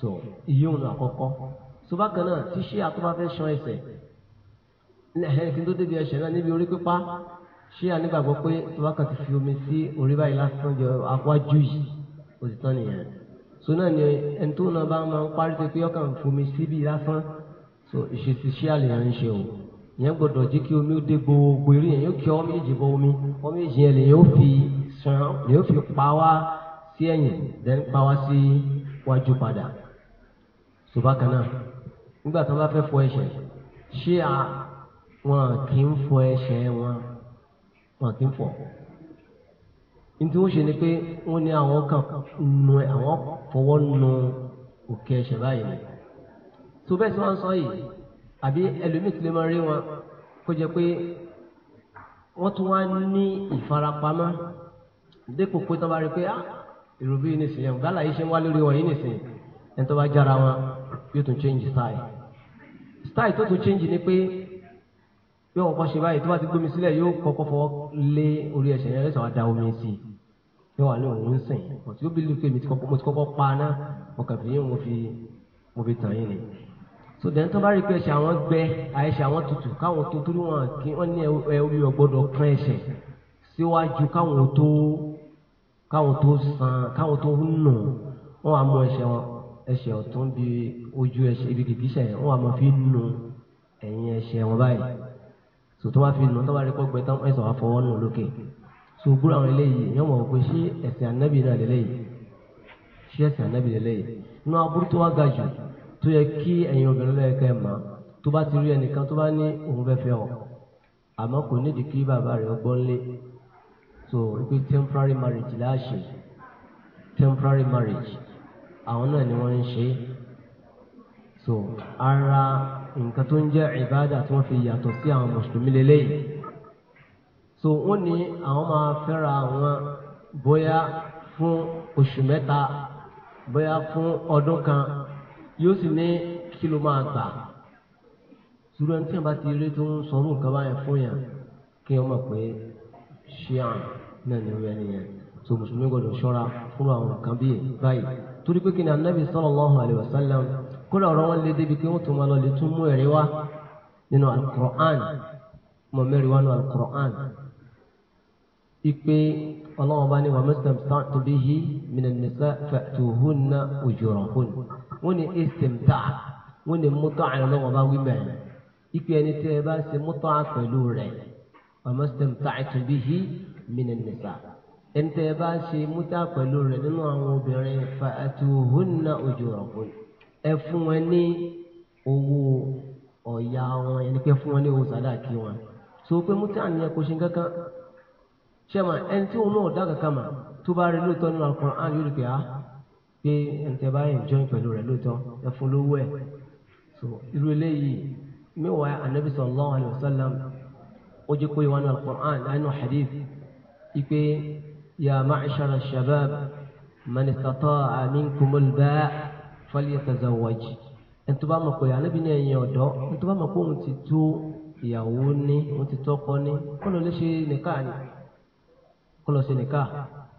so iye òun àkọ́kọ́ so bákan náà tí ṣé àtúbà fẹ́ ṣan ẹsẹ̀ ẹ̀hẹ́ kí n tó débi ẹsẹ̀ náà níbi orí pípa ṣé ànígbàgbọ́ pé tó bá kàn ti fi omi sí orí báyìí lásán jọ àwájú yìí òtítọ́ nìyẹn so ni ẹni tó náà bá máa ń parí ṣe fomi síbi lásán so ìṣesí ṣé àlè yẹn ń ṣe o yẹn gbọ́dọ̀ jẹ́ kí omi ó dé gbogbo eré yẹn yóò kí ọmọ méjì bọ omi ọmọ méjì yẹn lè yóò fi sàn lè yóò fi pa wá sí ẹ̀yìn then pa wá sí wájú kana so bákan náà nígbà tí wọ́n bá fẹ́ fọ ẹsẹ̀ ṣé à wọn kì í fọ ẹsẹ̀ wọn wọn kì í fọ ntí wọ́n ṣe ni pé wọ́n ní àwọn kan nu àwọn fọwọ́ nu òkè ẹ̀ṣẹ̀ báyìí ni tó bẹ́ẹ̀ tí wọ́n ń sọ yìí àbí ẹlòmíì tí lè máa rí wọn kó jẹ pé wọ́n tún wá ní ìfarapamọ́ dépò pé tó rí pé á ah, èrò bí nìsín yẹn gbàlà yìí ṣe ń wá lórí wọn yìí nìsín ẹni tó bá jára wọn yóò tún change style style tó tún change ni pé bí wọn kọ́ ṣe báyìí tó bá ti gbómi sílẹ̀ yóò kọ́kọ́ fọwọ́ lé orí ẹsẹ̀ yẹn lẹ́sàn-án da omi sí i bí wọn lé òun ń sìn kò tí ó bí lupe mi ti kọ́kọ́ pa náà mo kàn fi yín mo fi mo fi tàn yín ni. so dẹ́n tó bá rí pé ẹsẹ̀ àwọn gbẹ àìsẹ̀ àwọn tutù káwọn tó torí wọn kí wọ́n ní ẹ omi ọgbọ́dọ̀ kán ẹsẹ̀ síwájú káwọn tó káwọn tó sàn káwọn tó nù wọn àmú ẹsẹ̀ wọn ẹsẹ̀ ọ̀tún bí ojú ẹsẹ̀ ibi kìkì sòtò wá fi nù tó bá rí pọ́gbẹ́ tán ẹ̀sọ̀ wá fọwọ́ nù lókè sògbúrò àwọn eléyìí èèyàn mọ̀ pé ṣé ẹ̀sìn ànábì náà lélẹ́yìí ṣé ẹ̀sìn ànábì lélẹ́yìí inú aburú tó wá ga jù tó yẹ kí ẹ̀yin obìnrin lọ́yẹ kẹ́ ẹ̀ mọ̀ tó bá ti rí ẹnìkan tó bá ní òun fẹ́ fẹ́ ọ àmọ́ kò nídìí kí bàbá rẹ̀ ọgbọ́n lé so pé temporary marriage láàṣẹ temporary marriage àwọn náà ni wọ́n ń ṣe so ara nǹkan tó ń jẹ́ ìbáàdà tí wọ́n fi yàtọ̀ sí àwọn mùsùlùmí lélẹ́yìí so wọ́n ní àwọn máa fẹ́ra àwọn bóyá fún oṣù mẹ́ta bóyá fún ọdún kan yóò sì ní kí ló máa gbà sùúrù ẹni tí wọ́n bá ti rí tó ń sọ̀rọ̀ nǹkan báyẹn fún yàn kí wọ́n mọ̀ pé ṣíàn náà ní orí yẹn so mùsùlùmí gbọ́dọ̀ ṣọ́ra fún àwọn nǹkan bíi báyìí torí pé kí ni anabi sallallahu alaihi wasallam kódà ọ̀rọ̀ wọn lé débi pé wọ́n tún máa lọ lè tún mú ẹ̀rí wá nínú alukur'an mọ̀ mẹ́rin wá nínú alukur'an ipe ọlọ́wọ́n bá ní wà mẹ́sàn-án tán tóbi yìí mìíràn nìsa fẹ̀tùhún ná òjòròhún wọ́n ní ìsìmtà wọ́n ní mútọ́ àyàn bá wí mẹ́rin ipe ẹni tí ẹ bá ṣe mútọ́ à pẹ̀lú rẹ̀ wà mẹ́sàn tán tóbi yìí mìíràn nìsa ẹni tí ẹ bá ṣe mútọ́ à pẹ̀lú rẹ̀ nínú àwọn obìnrin fẹ̀tùhún ná òjòròhún ẹ fún wọn ní owó ọ̀yà wọn ẹni pé fún wọn ní owó sàdáàkì wọn so pé mútí àníyàn kò ṣe kankan ṣe mà ẹni tí òun náà dá kankan mà tó bá rí lóòótọ́ nínú Al-Qur'an yóò rí pé á ah, pé ẹni tẹ́ bá enjoy pẹ̀lú rẹ̀ lóòótọ́ ẹ fún lówó ẹ̀ so irú eléyìí mẹ́wàá anabi sallallahu alayhi wa sallam ó jẹ́ kó ìwà ní Al-Qur'an ipe ya ma'ashara shabab man istata'a ba'a falyatazawwaj ẹni tó bá mọ̀ pé ànábì ní ẹ̀yìn ọ̀dọ́ ẹni tó bá mọ̀ pé òun ti tó ìyàwó ní òun ti tọ́kọ ní kó lọ lè ṣe nìka ni kó lọ ṣe nìka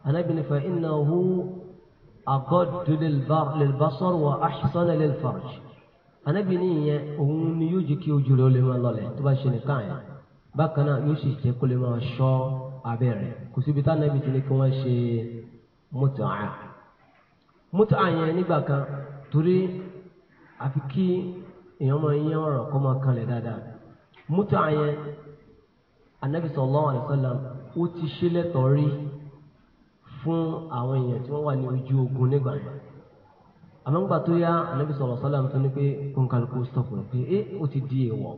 ànábì ní fa innahu aghaddu lilbasar wa ahsanu lilfarj ànábì ní ìyẹn òun ni yóò jẹ́ kí ojú rẹ̀ ó lè máa lọlẹ̀ tó bá ṣe nìka yẹn yóò sì jẹ́ kó lè máa ṣọ́ abẹ́rẹ́ kò síbi tá ànábì ti ní kí wọ́n ṣe mútà mútà yẹn nígbà kan torí àfi kí èèyàn máa yín ọ̀rọ̀ kó máa kanlẹ̀ dáadáa mútà yẹn anabi sallallahu alaihi wasallam ó ti ṣe lẹ́tọ̀ọ́ rí fún àwọn èèyàn tí wọ́n wà ní ojú ogun nígbà àmọ́ ńgbà tó yá anabi sallallahu alaihi wasallam tó ní pé kóńkálukú stop rẹ̀ pé é ó ti di èèwọ̀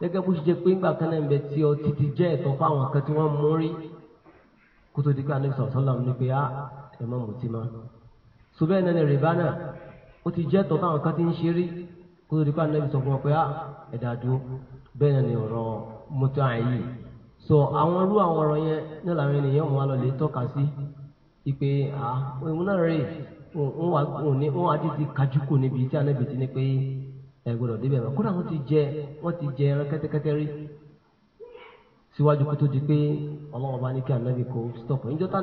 gẹ́gẹ́ bó ṣe jẹ́ pé ńgbà kan náà ń bẹ tí ọ títí jẹ́ ẹ̀tọ́ fáwọn kan tí wọ́n mú rí kótó di pé anabi sallallahu alaihi wasallam ní pé á ẹ̀ má mutí má so ni rìbá ó ti jẹ́ tọ́ táwọn ti ń ṣe rí kó lórí pé anabi sọ fún wọn pé á ah, ẹ̀dá bẹ́ẹ̀ so àwọn irú àwọn ọ̀rọ̀ yẹn ní làwọn ènìyàn wọn lọ lè tọ́ka sí ipe à ah, òun náà ti òun wà òní òun níbi tí ti ní pé ẹ débẹ̀ ti jẹ wọ́n ti jẹ ẹran kẹ́tẹ́kẹ́tẹ́ rí síwájú kó tó di pé ọlọ́wọ́n bá ní kí kó stop ìjọ tá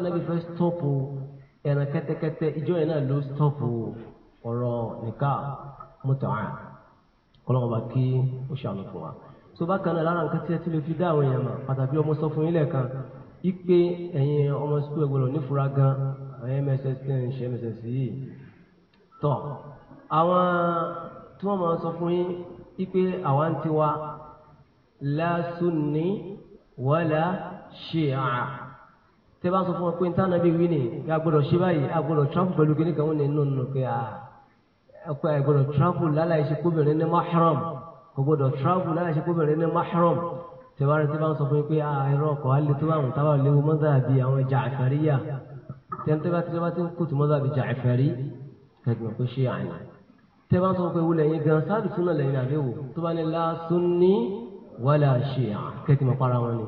ọ̀rọ̀ nìka mọ́tàá kọ́lọ́mọ bá kí ó ṣàánú fún wa. tó bá kan náà lára nǹkan tí ẹ ti lè fi dá àwọn èèyàn mọ̀ pàtàkì ọmọ sọ fún yín lẹ́ẹ̀kan ipe ẹ̀yin ọmọ sukú ẹ̀gbọ́n nífura gan àwọn mss ten ṣe mss yìí tọ̀ àwọn tí wọ́n máa sọ fún yín ipe àwa ń tiwa la sunni wala ṣíà tẹ́ bá sọ fún wọn pé ntànàbí wí ni a gbọ́dọ̀ ṣe báyìí a gbọ́dọ̀ trump pẹ̀lú kíní kan wọn ní nínú nínú pé a. Ah, ẹ̀kọ́ àìgbọ́dọ̀ travel láláì ṣe kóbìnrin ní mahram kò gbọ́dọ̀ travel láláì ṣe kóbìnrin ní mahram tẹ̀wárí tí bá ń sọ fún yín pé àìrọ̀ ah, ọkọ̀ á lè tó bá àwọn táwọn léwu mọ́sàbí àwọn Ja'fariyya tẹ́ntẹ́ bá tẹ́lẹ́ bá ti ń kó tó mọ́sàbí Ja'fari kẹ́gbìn kó ṣe àná tẹ́ bá ń sọ pé wúlẹ̀ yín gan sáàdù súnà lẹ́yìn àbẹ́wò tó bá ní la sunni wala shi'a kẹ́tì mọ́ para wọn ni.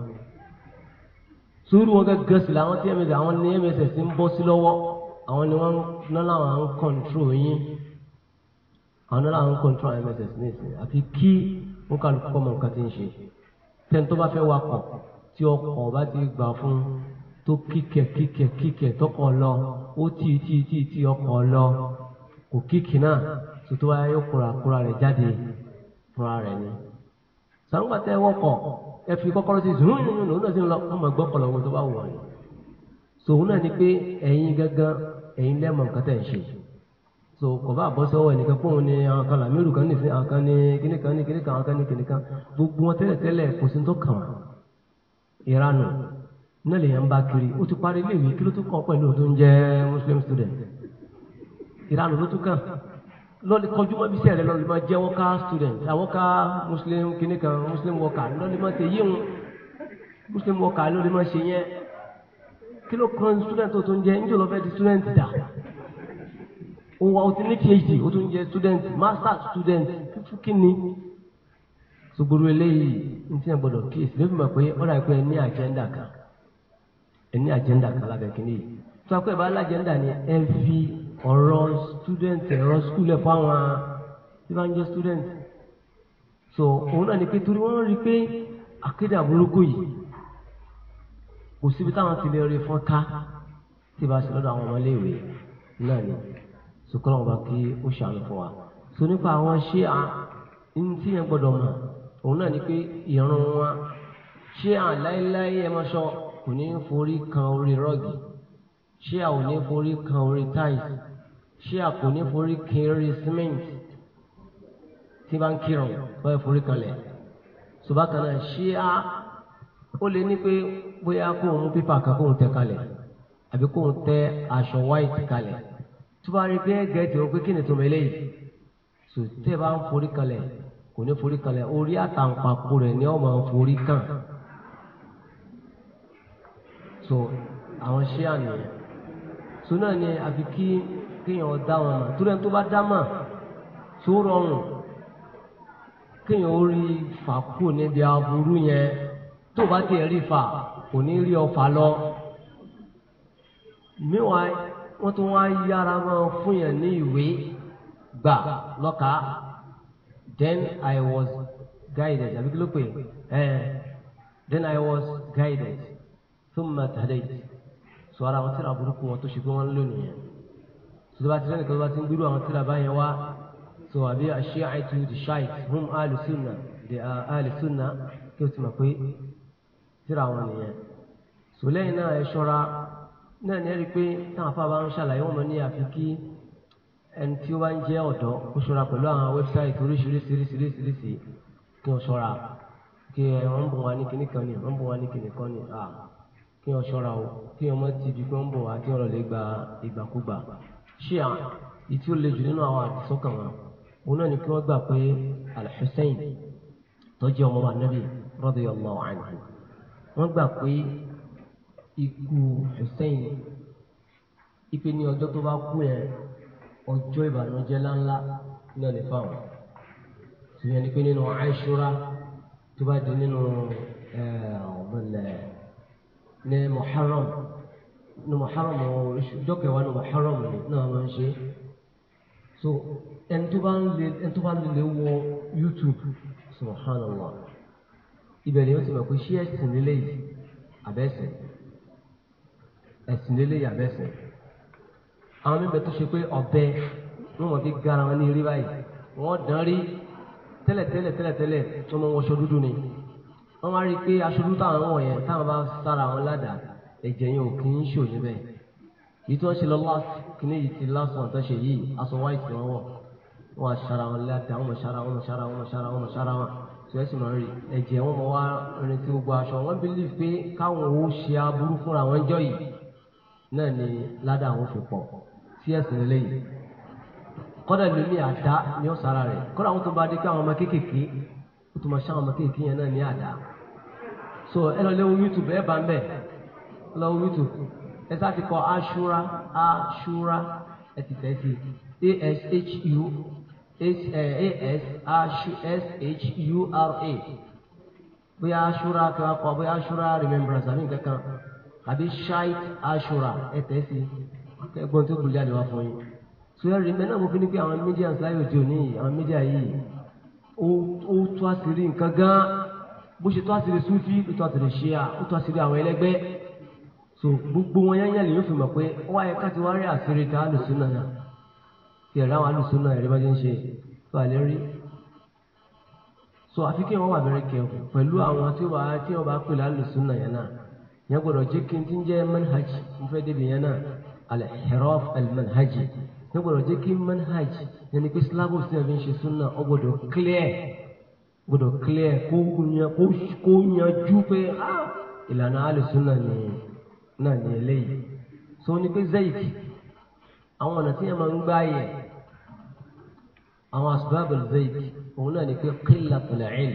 sùúrù wọn gẹ́gẹ́ sí làwọn tí ms àwọn ní ms ti ń bọ́ sí lọ́wọ́ àwọn ni wọ́n ń náà làwọn ń kọ́ńtró yín àwọn náà làwọn ń control mss nísìnyí àfi kí wọn kà lóko ọmọ nǹkan ti ń ṣe tẹni tó bá fẹ́ wakọ̀ tí ọkọ̀ bá ti gbà fún tó kíkẹ̀ kíkẹ̀ kíkẹ̀ tọkọ̀ lọ ó tì tì tì tì ọkọ̀ lọ kò kíkì náà tuntun wáyé yóò kura kura rẹ̀ jáde kura rẹ̀ ni sàrúgbà tẹ wọkọ̀ ẹ fi kọ́kọ́rọ́ sí zùn nínú òun náà sì ń lọ ọmọ gbọ́kọ̀lọ́wọ́ tó bá wù wọ́n ni sòun ni pé ẹ̀yin gángan ẹ̀yin lẹ́mọ̀ nǹkan tẹ̀ ń ṣe so kò bá bọ́ sọ́wọ́ ẹnìkan pọ́n ní àwọn kan làmírù kan nìfín àwọn kan ní kan ní kíní kan àwọn kan ní kíní kan gbogbo wọn tẹ́lẹ̀ tẹ́lẹ̀ kò sí tó kàn wọ́n ìranù náà lèèyàn ń bá kiri ó ti parí iléèwé kí ló tún kàn pẹ̀lú òtún jẹ́ muslim student Iranu, ló tún kàn lọ́ọ̀lì kọjú mọ́ bí sẹ́ẹ̀rẹ́ lọ́ọ̀lì máa jẹ́ wọ́ká student àwọ́ká muslim kíní kan muslim worker lọ́ọ̀lì máa tẹ̀ yíwọn muslim worker lọ́ọ̀lì máa ṣe yẹn kí ló kàn student tó tún jẹ́ níjọ́ lọ́ fẹ́ di student dà òun wa o ti ní phd o tún jẹ student master student fífún kínní ṣùgbọ́n eléyìí n ti yàn gbọ́dọ̀ kíyèsí lórí mi pé ọ̀rọ̀ àìpé ẹ ní agenda kan ẹ ní agenda kan lábẹ́ kínní yìí tó a pé ẹ bá lágenda ni ẹ fi ọ̀rọ̀ student ọ̀rọ̀ school ẹ̀ fáwọn tí student so òun náà ni pé torí wọ́n rí i pé akéde àbúrúkú yìí kò síbi táwọn ti lè rí fọ́n ká tí ìbá lọ́dọ̀ àwọn ọmọléèwé náà ni sùkúrọ̀ ọba kí ó ṣàánú fún wa so nípa àwọn ṣé à ń yẹn gbọdọ̀ mọ̀ òun náà ni pé ìrun wa ṣé à láéláé ẹ máa sọ kò ní forí kan orí rọ́ọ̀gì ṣé à ò ní forí kan orí táìsì ṣé à kò ní forí kan orí símẹ́ǹtì tí bá ń kírun báyìí forí kanlẹ̀ ṣùgbọ́n kan náà ṣé à ó lè ní pé bóyá kóun mú kan kóun tẹ kalẹ̀ àbí kóun tẹ aṣọ white kalẹ̀ tó bá rí pé gẹ̀ẹ́tì ó pé kí ni tó mẹ́lẹ́ yìí sò tẹ́ bá ń forí kalẹ̀ kò ní forí kalẹ̀ orí àtàǹpàkò rẹ̀ ni ó máa ń forí kàn so àwọn ṣé àná so náà ni àfi kí kéèyàn dá wọn mà tó lẹ́nu tó bá dá mà tó rọrùn kéèyàn ó rí fà kú níbi aburú yẹn tó bá tiẹ̀ rí fà kò ní rí ọfà lọ. meanwhile wọ́n tún wá yára máa fún yàn ní ìwé gbà lọ́ka then I was guided àbí kí ló pè é then I was guided thumma tadayt sọ ara àwọn tíra burúkú wọn tó ṣe pé wọ́n ń lò nìyẹn sọdọ́ bá ti rẹ́ nìkan tó bá ti ń gbúrú àwọn tíra báyẹn wá sọ àbí ash-shi'atu the shite hum ahlu sunnah ah, the ahlu sunnah kí o ti mọ̀ pé tíra wọn nìyẹn sọ lẹ́yìn náà ẹ ṣọ́ra náà ní ẹ̀rí pé táwọn afá bá ń ṣàlàyé wọn mọ ní àfi kí ẹni tí ó bá ń jẹ́ ọ̀dọ́ kó ṣọ́ra pẹ̀lú àwọn wẹ́bsáìtì oríṣiríṣiríṣiríṣi kí wọ́n ṣọ́ra kí wọ́n ń bọ̀ wá ní kinní kan ní wọ́n ń bọ̀ wá ní kinní kan ní à kí wọ́n ṣọ́ra o kí wọ́n mọ ti di pé wọ́n ń bọ̀ wá kí wọ́n lè gba ìgbàkúgbà ṣé à ìtí ó le jù nínú àwọn àdìsọ́kàn wọn òun náà ni kí wọ́n gbà pé Al-Husayn tó jẹ́ ọmọ wa Nabi radiyallahu anhu wọ́n ikú Hussein ipe ní ọjọ́ tó bá kú ẹ̀ ọjọ́ ìbànújẹ́ láńlá náà ní fáwọn ìyẹn ni pé nínú Aishura tó bá di nínú eh, ọ̀bẹ̀lẹ̀ ní Muharram ní Muharram ọjọ́ kẹwàá ní Muharram náà máa ń ṣe so ẹni tó bá ń lè ẹni tó bá ń lè wọ YouTube subhanallah ibẹ̀ ni wọ́n ti mọ̀ pé ṣé ẹ̀sìn lélẹ́yìí àbẹ́sẹ̀ ẹ̀sìn lélẹ̀ yàbẹ̀ sìn àwọn mímẹ tó ṣe pé ọ̀bẹ wọn wọn ti gara wọn ní eré báyìí wọn dán rí tẹ́lẹ̀tẹ́lẹ̀ tẹ́lẹ̀tẹ́lẹ̀ tó mọ wọn aṣọ dúdú ni wọn wá rí i pé aṣọ dúdú táwọn wọn yẹn táwọn bá sára wọn ládàá ẹ̀jẹ̀ yẹn ò kì í ṣò níbẹ̀ yìí tó ń ṣe lọ last kìíní yìí ti last one tó ṣe yìí aṣọ white wọn wọ wọn aṣara wọn ládàá wọn aṣara wọn aṣara wọn aṣara wọn aṣara wọn tí wọ́n sì máa rí ẹ̀jẹ̀ wọn mọ wá rìn tí gbogbo aṣọ wọn bí lè pé káwọn ò ṣe aburú fúnra wọn jọ yìí náà ni ládàá àwọn fi pọ̀ sí ẹ̀sìn lẹ́yìn kọ́dà ló ní àdá ní ọ̀sára rẹ̀ kọ́dà àwọn tó bá dé pé àwọn ọmọ kéékèèké ó tún máa ṣá àwọn ọmọ kéékèèké yẹn náà ní àdá so ẹ lọ léwu youtube ẹ bá ń bẹ̀ ẹ lọ wo youtube ẹ sá ti kọ aṣúra aṣúra ẹ ti tẹ̀ sí a s h u eh, a s h u r a bóyá aṣúra kí wọ́n kọ bóyá aṣúra remembrance àbí nǹkan kan àbí shaik ashura ẹ̀tẹ́ sí ẹgbọ́n tó kù jáde wá fún yín sọ́yà rí mẹ́ta mo fi ní pé àwọn mídíà sáyò tí ò ní àwọn mídíà yìí ó tó àṣírí nǹkan gan bó ṣe tó àṣírí sufi ó tó àṣírí ṣíà ó tó àṣírí àwọn ẹlẹgbẹ́ so gbogbo wọn yẹn yẹn lè yóò fi mọ̀ pé wá ẹ ká ti wá rí àṣírí ta alùsùnà náà ti ẹ̀rọ àwọn alùsùnà ẹ̀rọ bá jẹ́ ń ṣe tó àlẹ́ rí so àfi kí wọ́n wà bẹ̀rẹ̀ kẹ̀ pẹ̀lú àwọn tí wọ́n bá pè lálùsùnà yẹn náà yẹn gbọ́dọ̀ jẹ́ kí n ti ń jẹ́ manhaj mo fẹ́ débi yẹn náà al-inhiraf al-manhaji yẹn gbọ́dọ̀ jẹ́ kí manhaj yẹn pé sílábù sí ẹ̀fín ṣe súnà ọ gbọ́dọ̀ clear gbọ́dọ̀ clear kó yanjú pé ìlànà alùsùnà náà ní eléyìí so ní pé zayik àwọn ọ̀nà tí yẹn máa ń gbá yẹ àwọn asbábù zayik òun náà ní pé qillatul ilm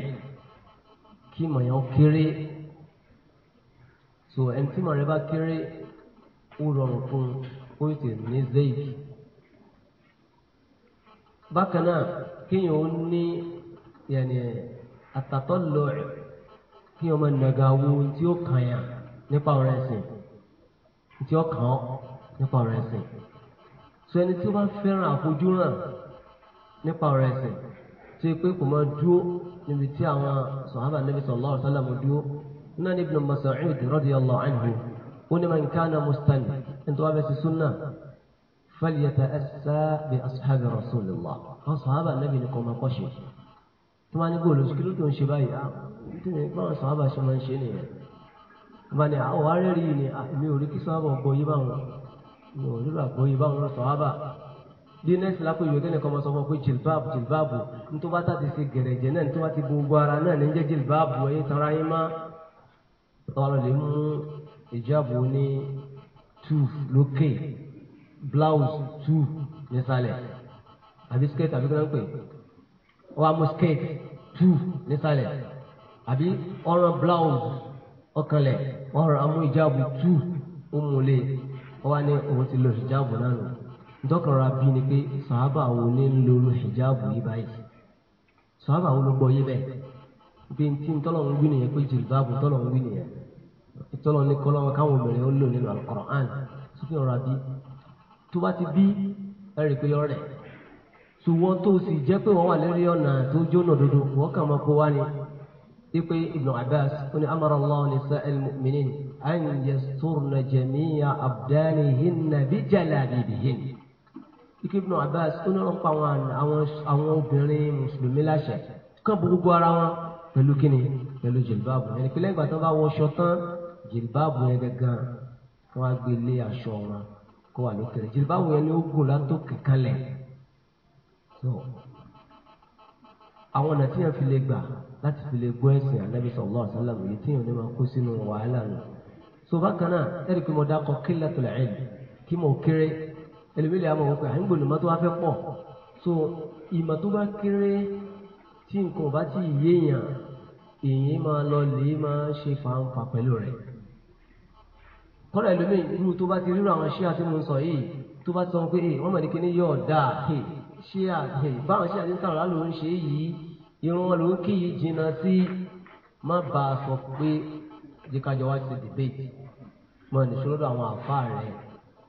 kí mọ̀ yẹn kéré so ẹni tí mọ̀ rẹ bá kéré ó rọrùn fún un kó tètè ní zayik bákan náà kéèyàn ó ní yẹnì àtàtọ́ lọ́ọ̀rì kéèyàn máa nàga wo tí ó kàn yàn nípa ọ̀rọ̀ ẹ̀sìn tí ó kàn ọ́ nípa ọ̀rọ̀ ẹ̀sìn so ẹni tí ó bá fẹ́ràn àfojúràn nípa ọ̀rọ̀ ẹ̀sìn tí ó pé kò máa dúró níbi tí àwọn sọ̀hábà Nabi sallallahu alaihi wasallam dúró náà ní Ibn Mas'ud radiyallahu anhu ó ní man kana mustan nítorí wàá bẹ ti súnà falyata'assa bi ashabi rasulillah àwọn sàhábà nàbì ní kọ́ ọmọ kọ́ṣe tí wọ́n á ní góòlù sùkúrú tó ń ṣe báyìí ah, báwọn sàhábà ṣe máa ń ṣe nìyẹn wọ́n ní àwọn ah, arẹ́rì yìí ni ah, èmi ò rí kí sàhábà ọgbọ yìí báwọn mi ò rí àgbọ yìí báwọn sàhábà bí nẹ́ẹ̀sì lápò ìwé kẹ́ni kan sọ fún ọ pé jìlbáàbù jìlbáàbù ntọ́ba tá ti ṣe gẹ̀rẹ̀jẹ̀ náà ntọ́ba ti gbogbo ara náà ní jẹ́ jìlbáàbù ẹ̀yìn tara yín máa tọ́lá lè mú ìjábù ní two lókè blouse two nísàlẹ̀ àbí skirt àbí kíláà ń pè ó wá mú skirt two nísàlẹ̀ àbí ọ̀ràn blouse ọkànlẹ̀ ọ̀ràn amú ìjábù two ó mú lé ó wá ní òun ti lo ìjábù náà nù dọ́kànra bí ni pé sàábà wo ni ń lo ìjábù yìí báyìí sàábà wo ló gbọ́ yé bẹ́ẹ̀ bí n tí ń tọ́lọ̀ ń wí nìyẹn pé jìlbáàbù tọ́lọ̀ ń wí nìyẹn ìtọ́lọ́ ní kọ́lọ́wọ́ káwọn obìnrin ó lò nínú Al-Qur'an sókè ọ̀rọ̀ àbí tó bá ti bí ẹ̀rì pé ọ̀rẹ́ ṣùgbọ́n tó sì jẹ́ pé wọ́n wà lórí ọ̀nà tó jóná dodo wọ́n kà máa kó wá ni ipe Ibn Abbas ó ní amara Allah nisa'al mu'minin an yasturna jami'a abdanihinna bi jalabibihin ike Ibn Abbas ó ní ọ̀pọ̀ àwọn obìnrin mùsùlùmí láṣẹ kán gbogbo ara wọn pẹ̀lú kíni pẹ̀lú jìlbáàbù ẹni pé lẹ́yìn tó bá wọṣọ tán jìlìbáàbù yẹn gẹ́gẹ́ wọn á gbé lé aṣọ wọn kó wà lókèrè jìlìbáàbù yẹn ni ó gùn látòkè kalẹ̀ so àwọn ọ̀nà tí yẹn fi lè gbà láti fi lè gbọ́ ẹ̀sìn ànábì sallallahu alaihi wasallam èyí tí yẹn ní máa kó sínú wàhálà nù so bákan náà ẹ̀rí pé mo dákọ̀ qillatul ilm kí mo kéré ẹlẹ́mìlẹ́ àmọ́ wọn pé à gbòòlù mọ́tò wá fẹ́ pọ̀ so ìmọ̀ tó bá kéré tí nǹkan bá ti yéèyàn èyí máa lọ lè máa ṣe fàǹfà pẹ̀lú rẹ̀ kọ́ra ẹlòmíì irú tó bá ti ríru àwọn ṣíà tí mo ń sọ yìí tó bá ti sọ pé wọ́n mọ̀ ní kíní yóò dà ṣíà báwọn ṣíà ti ń sàrọ̀ ló ń ṣe yìí irun wọn ló ń kí yìí jìnnà sí má bá a sọ pé jíkájọ wá ti dìbéètì mọ̀ ní sọ́dọ̀ àwọn àfáà rẹ̀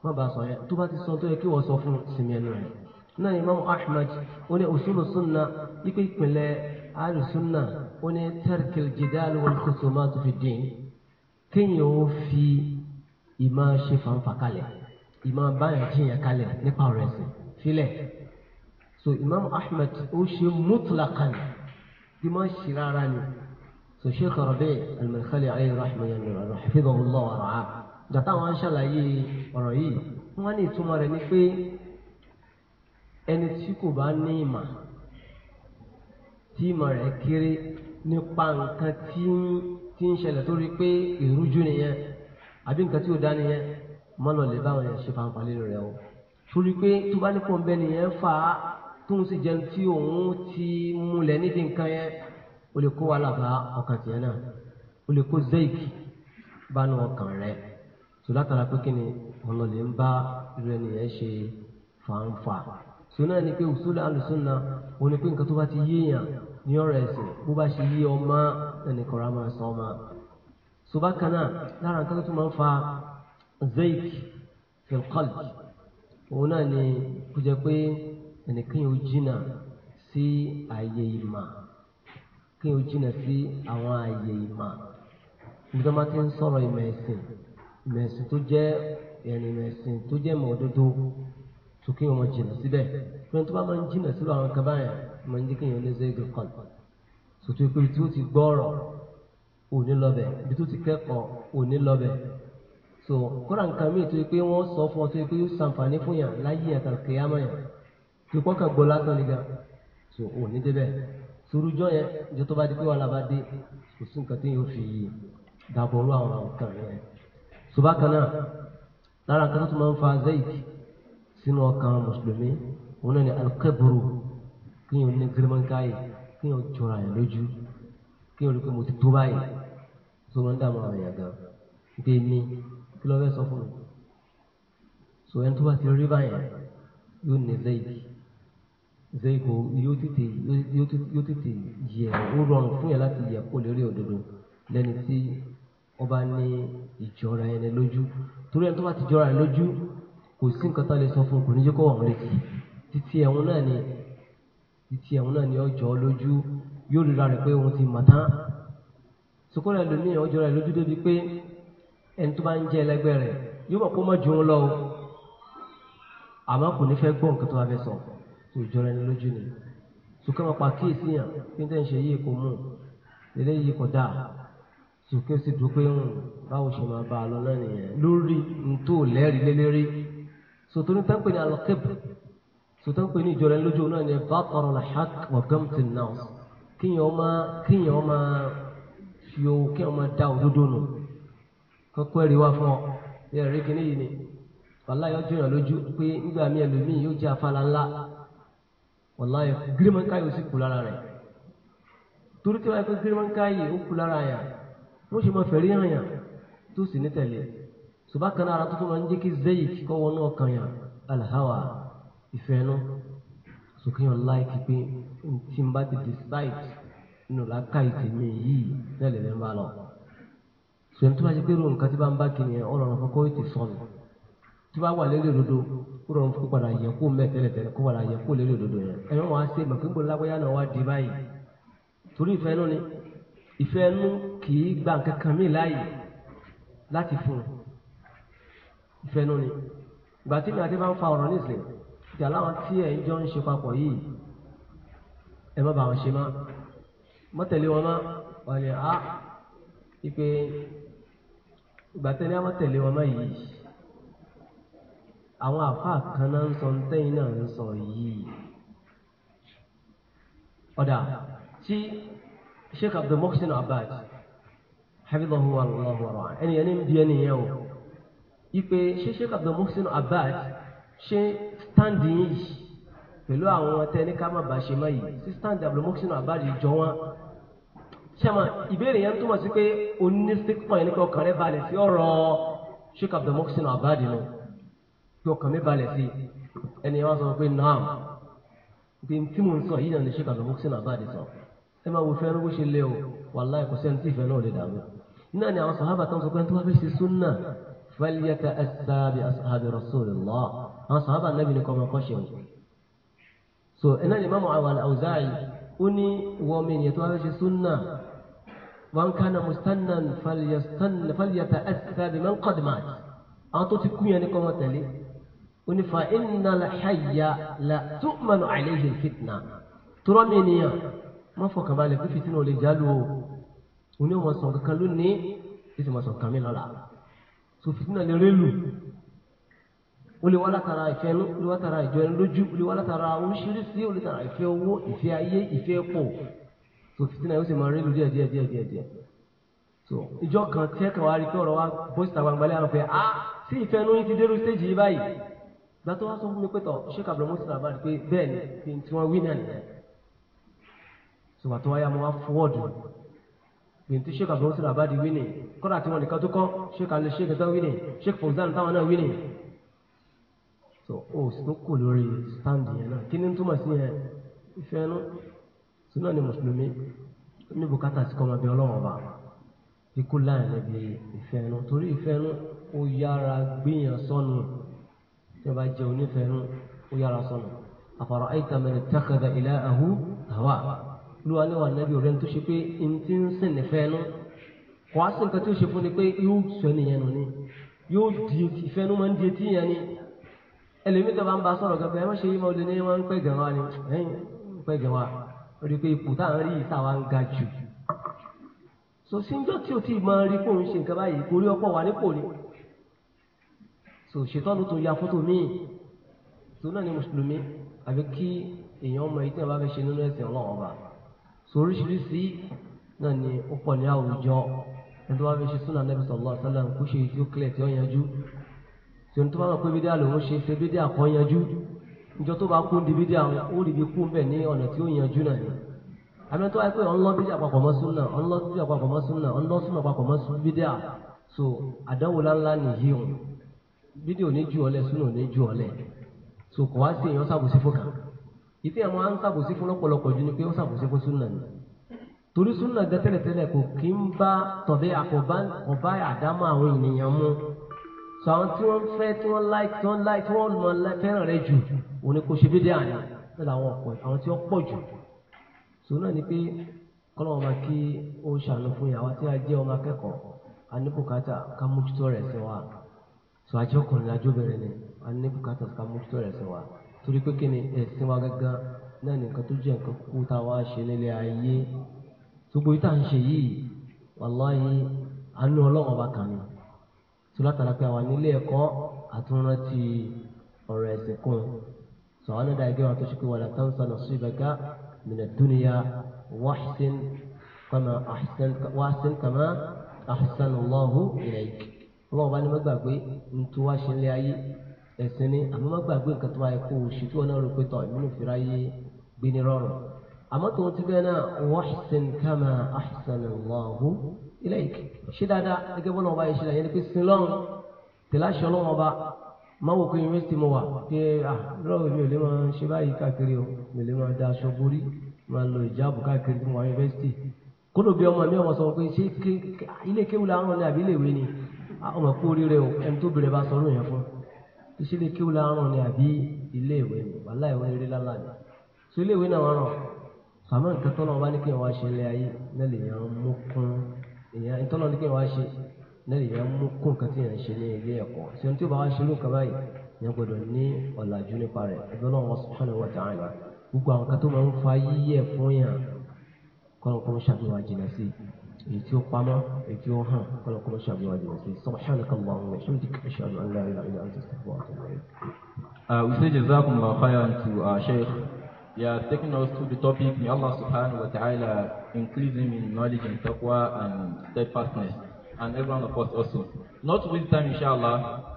má bá a sọ yẹn tó bá ti sọ tó yẹ kí wọ́n sọ fún sinmi ẹnu rẹ̀ náà Imam Ahmad ó ní usulu sunna ipe ìpìlẹ̀ alu sunna ó ní tarkil jidal wal khusumat fi din kéèyàn ó fi ìmọ̀ ṣe fanfa kalẹ̀ ìmọ̀ báyọ̀ jiyàn kalẹ̀ nípa ọ̀rọ̀ ẹ̀sìn filẹ̀ so imam ahmed ó ṣe mutlakan ìmọ̀ ṣe rárá ni so sheikh rabi al-Madkhali alayhi rahmatulah hafidhahullah wa ra'a gàtà wọn ṣàlàyé ọ̀rọ̀ yìí wọn ní ìtumọ̀ rẹ̀ ni pé ẹni tí kò bá ní ìmọ̀ tí ìmọ̀ rẹ̀ kéré nípa nǹkan tí ń ṣẹlẹ̀ torí pé ìrújú nìyẹn àbí nǹkan tí ò dání yẹn má lọ lè báwọn yẹn ṣe fanfa lé rẹ o torí pé tó bá ní kó ń bẹ nìyẹn fà á tó ń sì jẹun tí òun ti múlẹ̀ nídìí nǹkan yẹn o lè kó wàhálà bá ọkàn tiẹ̀ náà o lè kó zeiki bá ọkàn rẹ tó látara pé kí ni ọ̀nà lè ń bá irú ẹnìyẹn ṣe fanfa tó náà ni pé òṣùlù alùsùnà òun ni pé nǹkan tó bá ti yéèyàn ní ọ̀rọ̀ ẹ̀sìn bó bá ṣe yé ọmọ ẹnìkọ̀ọ̀rọ̀ á máa sọ ọmọ ṣùgbọ́n kan náà lára nǹkan tó máa ń fa zeik fil qalb òun náà ni kó jẹ pé ẹnìkan yóò jìnnà sí ààyè ìmà kí yóò jìnnà sí àwọn ààyè ìmà níbi tó máa ti ń sọ̀rọ̀ ìmọ̀ ẹ̀sìn ìmọ̀ ẹ̀sìn tó jẹ́ ẹ̀rìn ìmọ̀ ẹ̀sìn tó jẹ́ ìmọ̀ òdodo tó kí yóò máa jìnnà síbẹ̀ pé tó bá máa ń jìnnà sílò àwọn kan báyẹn máa ń jẹ́ kí yóò ní zeik fil qalb sòtú ìpè tí ó ti gbọ́ ọ̀rọ̀ òní lọ́bẹ̀ ibi tó ti kẹ́kọ̀ọ́ òní lọ́bẹ̀ so kóra nǹkan míì tó yẹ pé wọ́n sọ fún ọ tó yẹ pé yóò ṣàǹfààní fún yàn láyé yàn kàn kéèyàn mọ̀ yàn tó kọ́ gbọ́ lásán nìga so òní débẹ̀ sorújọ́ yẹn ìjọ tó bá di pé wàhálà bá dé kò sí nǹkan tí yóò fi dàbọ̀rú àwọn nǹkan yẹn so bákan náà lára nǹkan tó tún máa ń fa zayt sínú ọkàn mùsùlùmí òun náà ni alukẹ́bùrù kí yẹn ní gírímọ̀nkáyè kí yẹn jọra yẹn lójú kí yẹn rí pé ti tó báyìí tó máa ń dààmú àwọn èèyàn gan pé mi kí ló fẹ́ sọ fún mi so ẹni tó bá ti rí báyẹn yóò ní zayik zayik o yóò tètè yóò tètè yẹ ó rọrùn fún yẹn láti yẹ kó lérí òdodo lẹ́ni tí wọ́n bá ní ìjọra ẹni lójú torí ẹni tó bá ti jọra ẹni lójú kò sí nǹkan tá a lè sọ fún un kò ní jẹ́ kó wà wọ́n títí ẹ̀hún náà ni títí ẹ̀hún náà ni ọjọ́ lójú yóò rí ra rẹ̀ pé òun ti mà tán sukuu rẹ lomi ọjọ rẹ lójú débi pé ẹni tó bá ń jẹ ẹlẹgbẹ́ rẹ yóò mọ kó mọ ju ń lọ o àmọ́ kò ní fẹ́ gbọ́ nǹkan tó bá fẹ́ sọ tó jọ rẹ lójú ni sukuu máa pa kíyèsí yàn pé níta ń ṣe yìí kò mú eléyìí kò dáa sukuu sì dúró pé ń hmm, báwo ṣe máa bá a náà nìyẹn lórí ntò lẹ́rìí lélẹ́rìí sòtò ní tẹ́ńpẹ́ ní alọ́kẹ́bù sòtò ń ní ìjọ rẹ lójú náà ní bá kọrọ̀ làhàk wà gọ́mtì náà kíyàn ọmọ kíyàn ọmọ. fi o kí ọmọ da òdodo nù kọ́kọ́ ẹ̀rí wá fún ọ bí ẹ̀rí yìí ni wàlá yóò jìnnà lójú pé nígbà míì ẹlòmíì yóò jẹ́ afárá ńlá wàlá yóò gírímọ̀ǹkà yóò sì kú lára rẹ̀ torí tí wàá pé gírímọ̀ǹkà yìí ó kú lára yà wọ́n fẹ̀rí hàn yà tó sì ní tẹ̀lé ṣùgbọ́n kan ara máa ń jẹ́ kí zeyi kíkọ́ wọnú ọkàn yà láì kí pé bá ti decide nínú làákà ìtìmí yìí tẹ́lẹ̀ lẹ́ máa lọ. sọ̀rọ̀ tó bá ti gbèrò nǹkan tí bá ń bá kiri yẹn ọ̀rọ̀ fún kó ètè sọnù tó bá wà lérí òdodo ó rọrùn fún padà yẹ kó mẹ́ tẹ́lẹ̀ tẹ́lẹ̀ kó padà yẹ kó lérí òdodo yẹn. ẹ̀rọ wọn á ṣe màkíngbò lágbáyà náà wá di báyìí torí ìfẹ́ nú ni ìfẹ́ nú kì í gba nǹkan kan mí láàyè láti fún un ìfẹ́ nú ni ìgbà tí mi àti bá ń mọ́tẹ̀lé wọn mọ́ wọn ni ah, a ipe ìgbà tẹ́lẹ̀ àwọn tẹ̀lé wọn mọ́ yìí àwọn àfáà kan náà ń sọ ntẹ́yìn náà ń sọ yìí ọ̀dà tí sheikh abdul mohsin abad hafizahu allah wa ẹni ẹni ń bí ẹni yẹn o ipe sheikh abdul mohsin abad ṣe stand yìí pẹ̀lú àwọn tẹ́ni ká má bàa ṣe mọ́ yìí sistan dablomoxin abadi jọ wọn. sẹ́mà ìbéèrè yẹn túmọ̀ sí pé onístik pọ̀n ní kí ọkàn rẹ balẹ̀ sí ọ̀rọ̀ sheik abdulmoxin abadi nù kí ọkàn mi balẹ̀ sí ẹni wọn sọ pé naam bí n tí mò ń sọ yìí náà ni sheik abdulmoxin abadi sọ ẹ máa wo fẹ́ràn bó ṣe lé o wàláì kò sẹ́ni tí ìfẹ́ náà lè dàrú iná ni àwọn sàhábà tó ń sọ pé tó bá fẹ́ ṣe súnà fẹ́lẹ́yẹtà ẹ̀sà bí asàhábì rasulillah àwọn sàhábà nàbì ni kọ́ ọmọ kọ́ ṣe wọ́n so iná ni Imam al-Awza'i ó ní wọ́n mi nìyẹn tó wá fẹ́ ṣe súnà wọn kánà mustannan fàlìyàtà ẹ̀sìtà bí man qad mat àwọn tó ti kú yẹn ní kọ́ wọn tẹ̀lé ó ní fa innal hayya la tu'manu alayhi fitna tọrọ mi nìyẹn má fọkàn balẹ̀ fífi sínú olè jálù o òní wọn sọ kankan lónìí èsì wọn sọ kàmí lọ́la so fitina lè rélù ó lè wá látara ìfẹ́ ló lè wá látara ìjọ ẹni lójú ó lè wá látara oríṣiríṣi ó lè tara ìfẹ́ owó ìfẹ́ ayé ìfẹ́ pọ̀ tó fìtínà yóò sì máa rí lu díẹ̀ díẹ̀ díẹ̀ díẹ̀ díẹ̀ tó ìjọ kan tí ẹ kàn wá rí pé ọ̀rọ̀ wa bó síta gbangba lẹ́yìn àrùn pé a ah, sí ìfẹ́ inú yín ti dérú stéèjì yìí báyìí gba tó wá sọ fún mi pé tọ ṣé kàbọ̀ mo sọ̀rọ̀ àbárí pé bẹ́ẹ̀ ni tí wọ́n wí náà nìyẹn tó wà tó wáyà mo wá fọwọ́dù gbèntì ṣé kàbọ̀ mo sọ̀rọ̀ àbárí wí nìyẹn kọ́dà tí wọ́n nìkan tó kọ́ ṣé kàlẹ́ ṣé kẹtọ́ wí nìyẹn ṣé táwọn náà wí so o sì tó kù lórí sítáǹdì yẹn náà kí ni túmọ̀ sí yẹn ìfẹ́ ẹnu sínú ni mùsùlùmí ní bùkátà sí kọ́mọbí ọlọ́wọ́n ọba ikú láì níbi ìfẹ́ ẹnu torí ìfẹ́ ẹnu ó yára gbìyàn sọnù tí wọ́n bá jẹ́ onífẹ́ ẹnu ó yára sọnù àfàrà àyíká mẹ́rin tẹ́kẹ̀dà ilẹ̀ ahu àwa lúwa níwà nẹ́bí ọ̀rẹ́ tó ṣe pé n ti ń sìn nífẹ́ ẹnu kò á sì nǹkan tó ṣe fún ni pé yóò sọ ẹnìyẹn nù ni yóò di ìfẹ́ ẹnu máa ń di etí yẹn ni ẹlòmíì tó bá ń ba sọ̀rọ̀ gẹ́gẹ́ ẹ má ṣe yíma olè ní wọ́n ń pẹ́ gẹ̀wá ni ẹ̀yìn ń pẹ́ gẹ̀wá ó rí i pé ipò táwọn rí ìta wa ń ga jù. sòsíńjọ́ tí o ti máa rí kóun ṣe nǹkan báyìí kò rí ọ̀pọ̀ wà nípò ni. sòṣètọ́ ló tún ya fótó míì tó náà ni mùsùlùmí àbí kí èèyàn ọmọ yìí tí wọ́n bá fẹ́ ṣe nínú ẹ̀sìn ọlọ́wọ́ bá sòríṣiríṣi náà ni ó pọ̀ ní àwùjọ ẹni tó bá fẹ́ ṣe súnà nẹ́bí sọ̀rọ̀ sọ̀rọ̀ tó bá mọ̀ pé bídíà lòun ṣe ṣe bídíà kan yanjú ìjọ tó bá kú ń di bídíà ó rí ibi kú ń bẹ̀ ní ọ̀nà tí ó yanjú náà ni àmì tó wáyé pé ọ̀n lọ bídíà papọ̀ mọ́ súnà ọ̀n lọ bídíà papọ̀ mọ́ súnà ọ̀n lọ súnà papọ̀ mọ́ bídíà so àdánwò láńlá nìyí o bídíà ò ní ju ọlẹ súnà ò ní ju ọlẹ so kò wá sí èèyàn ṣàbòsí fún kan ìtí àwọn à ń ṣàbòsí fún lọ́pọ̀lọpọ̀ ju ni pé ó ṣàbòsí fún súnà ni torí súnà gan tẹ́lẹ̀tẹ́lẹ̀ kò kí ń bá tọ̀bẹ́ àkọ́bá àdámọ́ àwọn ènìyàn mú sọ àwọn tí wọ́n fẹ́ tí wọ́n láì tí wọ́n láì tí wọ́n mọ fẹ́ràn rẹ jù òun ni kò ṣe bídẹ́ àná ní làwọn ọ̀pọ̀ àwọn tí wọ́n pọ̀ jù sọ náà ni pé kọ́lọ́wọ́n máa kí ó ṣàánú fún yàrá tí a jẹ́ ọmọ akẹ́kọ̀ọ́ anibukata ká mójútó rẹ̀ sí wa sọ àjọ ọkùnrin àjọbìnrin ni anibukata ká mójútó rẹ̀ sí wa torí pé kí ni ẹ̀sìn wa gángan náà nìkan tó jẹ́ nǹkan kú tá a wá ṣe nílé ayé gbogbo yìí ṣe yìí wàláhì àánú ọlọ́run ọba kàn mí tó látara pé àwọn nílé ẹ̀kọ́ àtúnrántí ọ̀rọ̀ ẹ̀sìn kún sọ àwọn ẹ̀dá ẹgbẹ́ wa tó ṣe pé wala tansa nasibaka mina dunya wahsin kama ahsanta wahsin kama ahsana Allahu ilayk ọlọ́wọ́ bá ní má gbàgbé ntú ṣe lé ayé ẹ̀sìn ni àmọ́ má gbàgbé nǹkan tó wáyé kó o ṣètò ọ̀nà rẹ̀ pé tọ̀ ìmúlò fìrà yé gbé ní rọrùn àmọ́ tó ti bẹ́ẹ̀ náà wahsin kama ahsana Allahu ilé yìí ṣé dáadáa gẹ́gẹ́ bọ́lá ọba yìí ṣe láyé ni pé sin lọ́run tẹ̀lé aṣọ ọlọ́run ọba máa wò pé yunifásitì mo wà pé lọ́wọ́ mi ò lè máa ṣe báyìí káàkiri o mi ò lè máa da aṣọ borí máa lo ìjáàbù káàkiri fún wa yunifásitì kódò bí ọmọ mi ọmọ sọ pé ṣé ilé kéwù làárọ̀ ni àbí ilé ìwé ni ọmọ kú oríire o ẹni tó bèrè bá sọ ọ́nà yẹn fún ṣé ilé kéwù làárọ̀ ni àbí ilé ìwé ni wàhálà ìwé eré lálá ni ṣé ilé ìwé náà wọ́n rọ̀ àmọ́ nǹkan tó náà wá ní kí wọ́n wá ṣe ilé ayé náà lè yàn án mú kún èèyàn ìtọ́nà ní pé wàá ṣe lẹ́yìn èèyàn mú kó nǹkan tí èèyàn ṣe ní ilé ẹ̀kọ́ ṣé ní tí ó bá wá ṣe ló kaba yìí èèyàn gbọdọ̀ ní ọ̀làjú nípa rẹ̀ ẹgbẹ́ náà wọ́n subhanahu wa ta'ala gbogbo àwọn kan tó máa ń fa yíyẹ fún yàn kọ́nọ̀kọ́nọ ṣàbíwá jìnà sí èyí tí ó pamọ́ èyí tí ó hàn kọ́nọ̀kọ́nọ ṣàbíwá jìnà sí subhanakallahumma wa bihamdika ashhadu an la ilaha illa anta astaghfiruka wa atubu ilayk. Uh, we say jazakumullahu khairan to our uh, sheikh Yeah, taking us to the topic, may Allah subhanahu wa ta'ala increase him in knowledge and taqwa and steadfastness, and everyone of us also. Not with time, inshallah,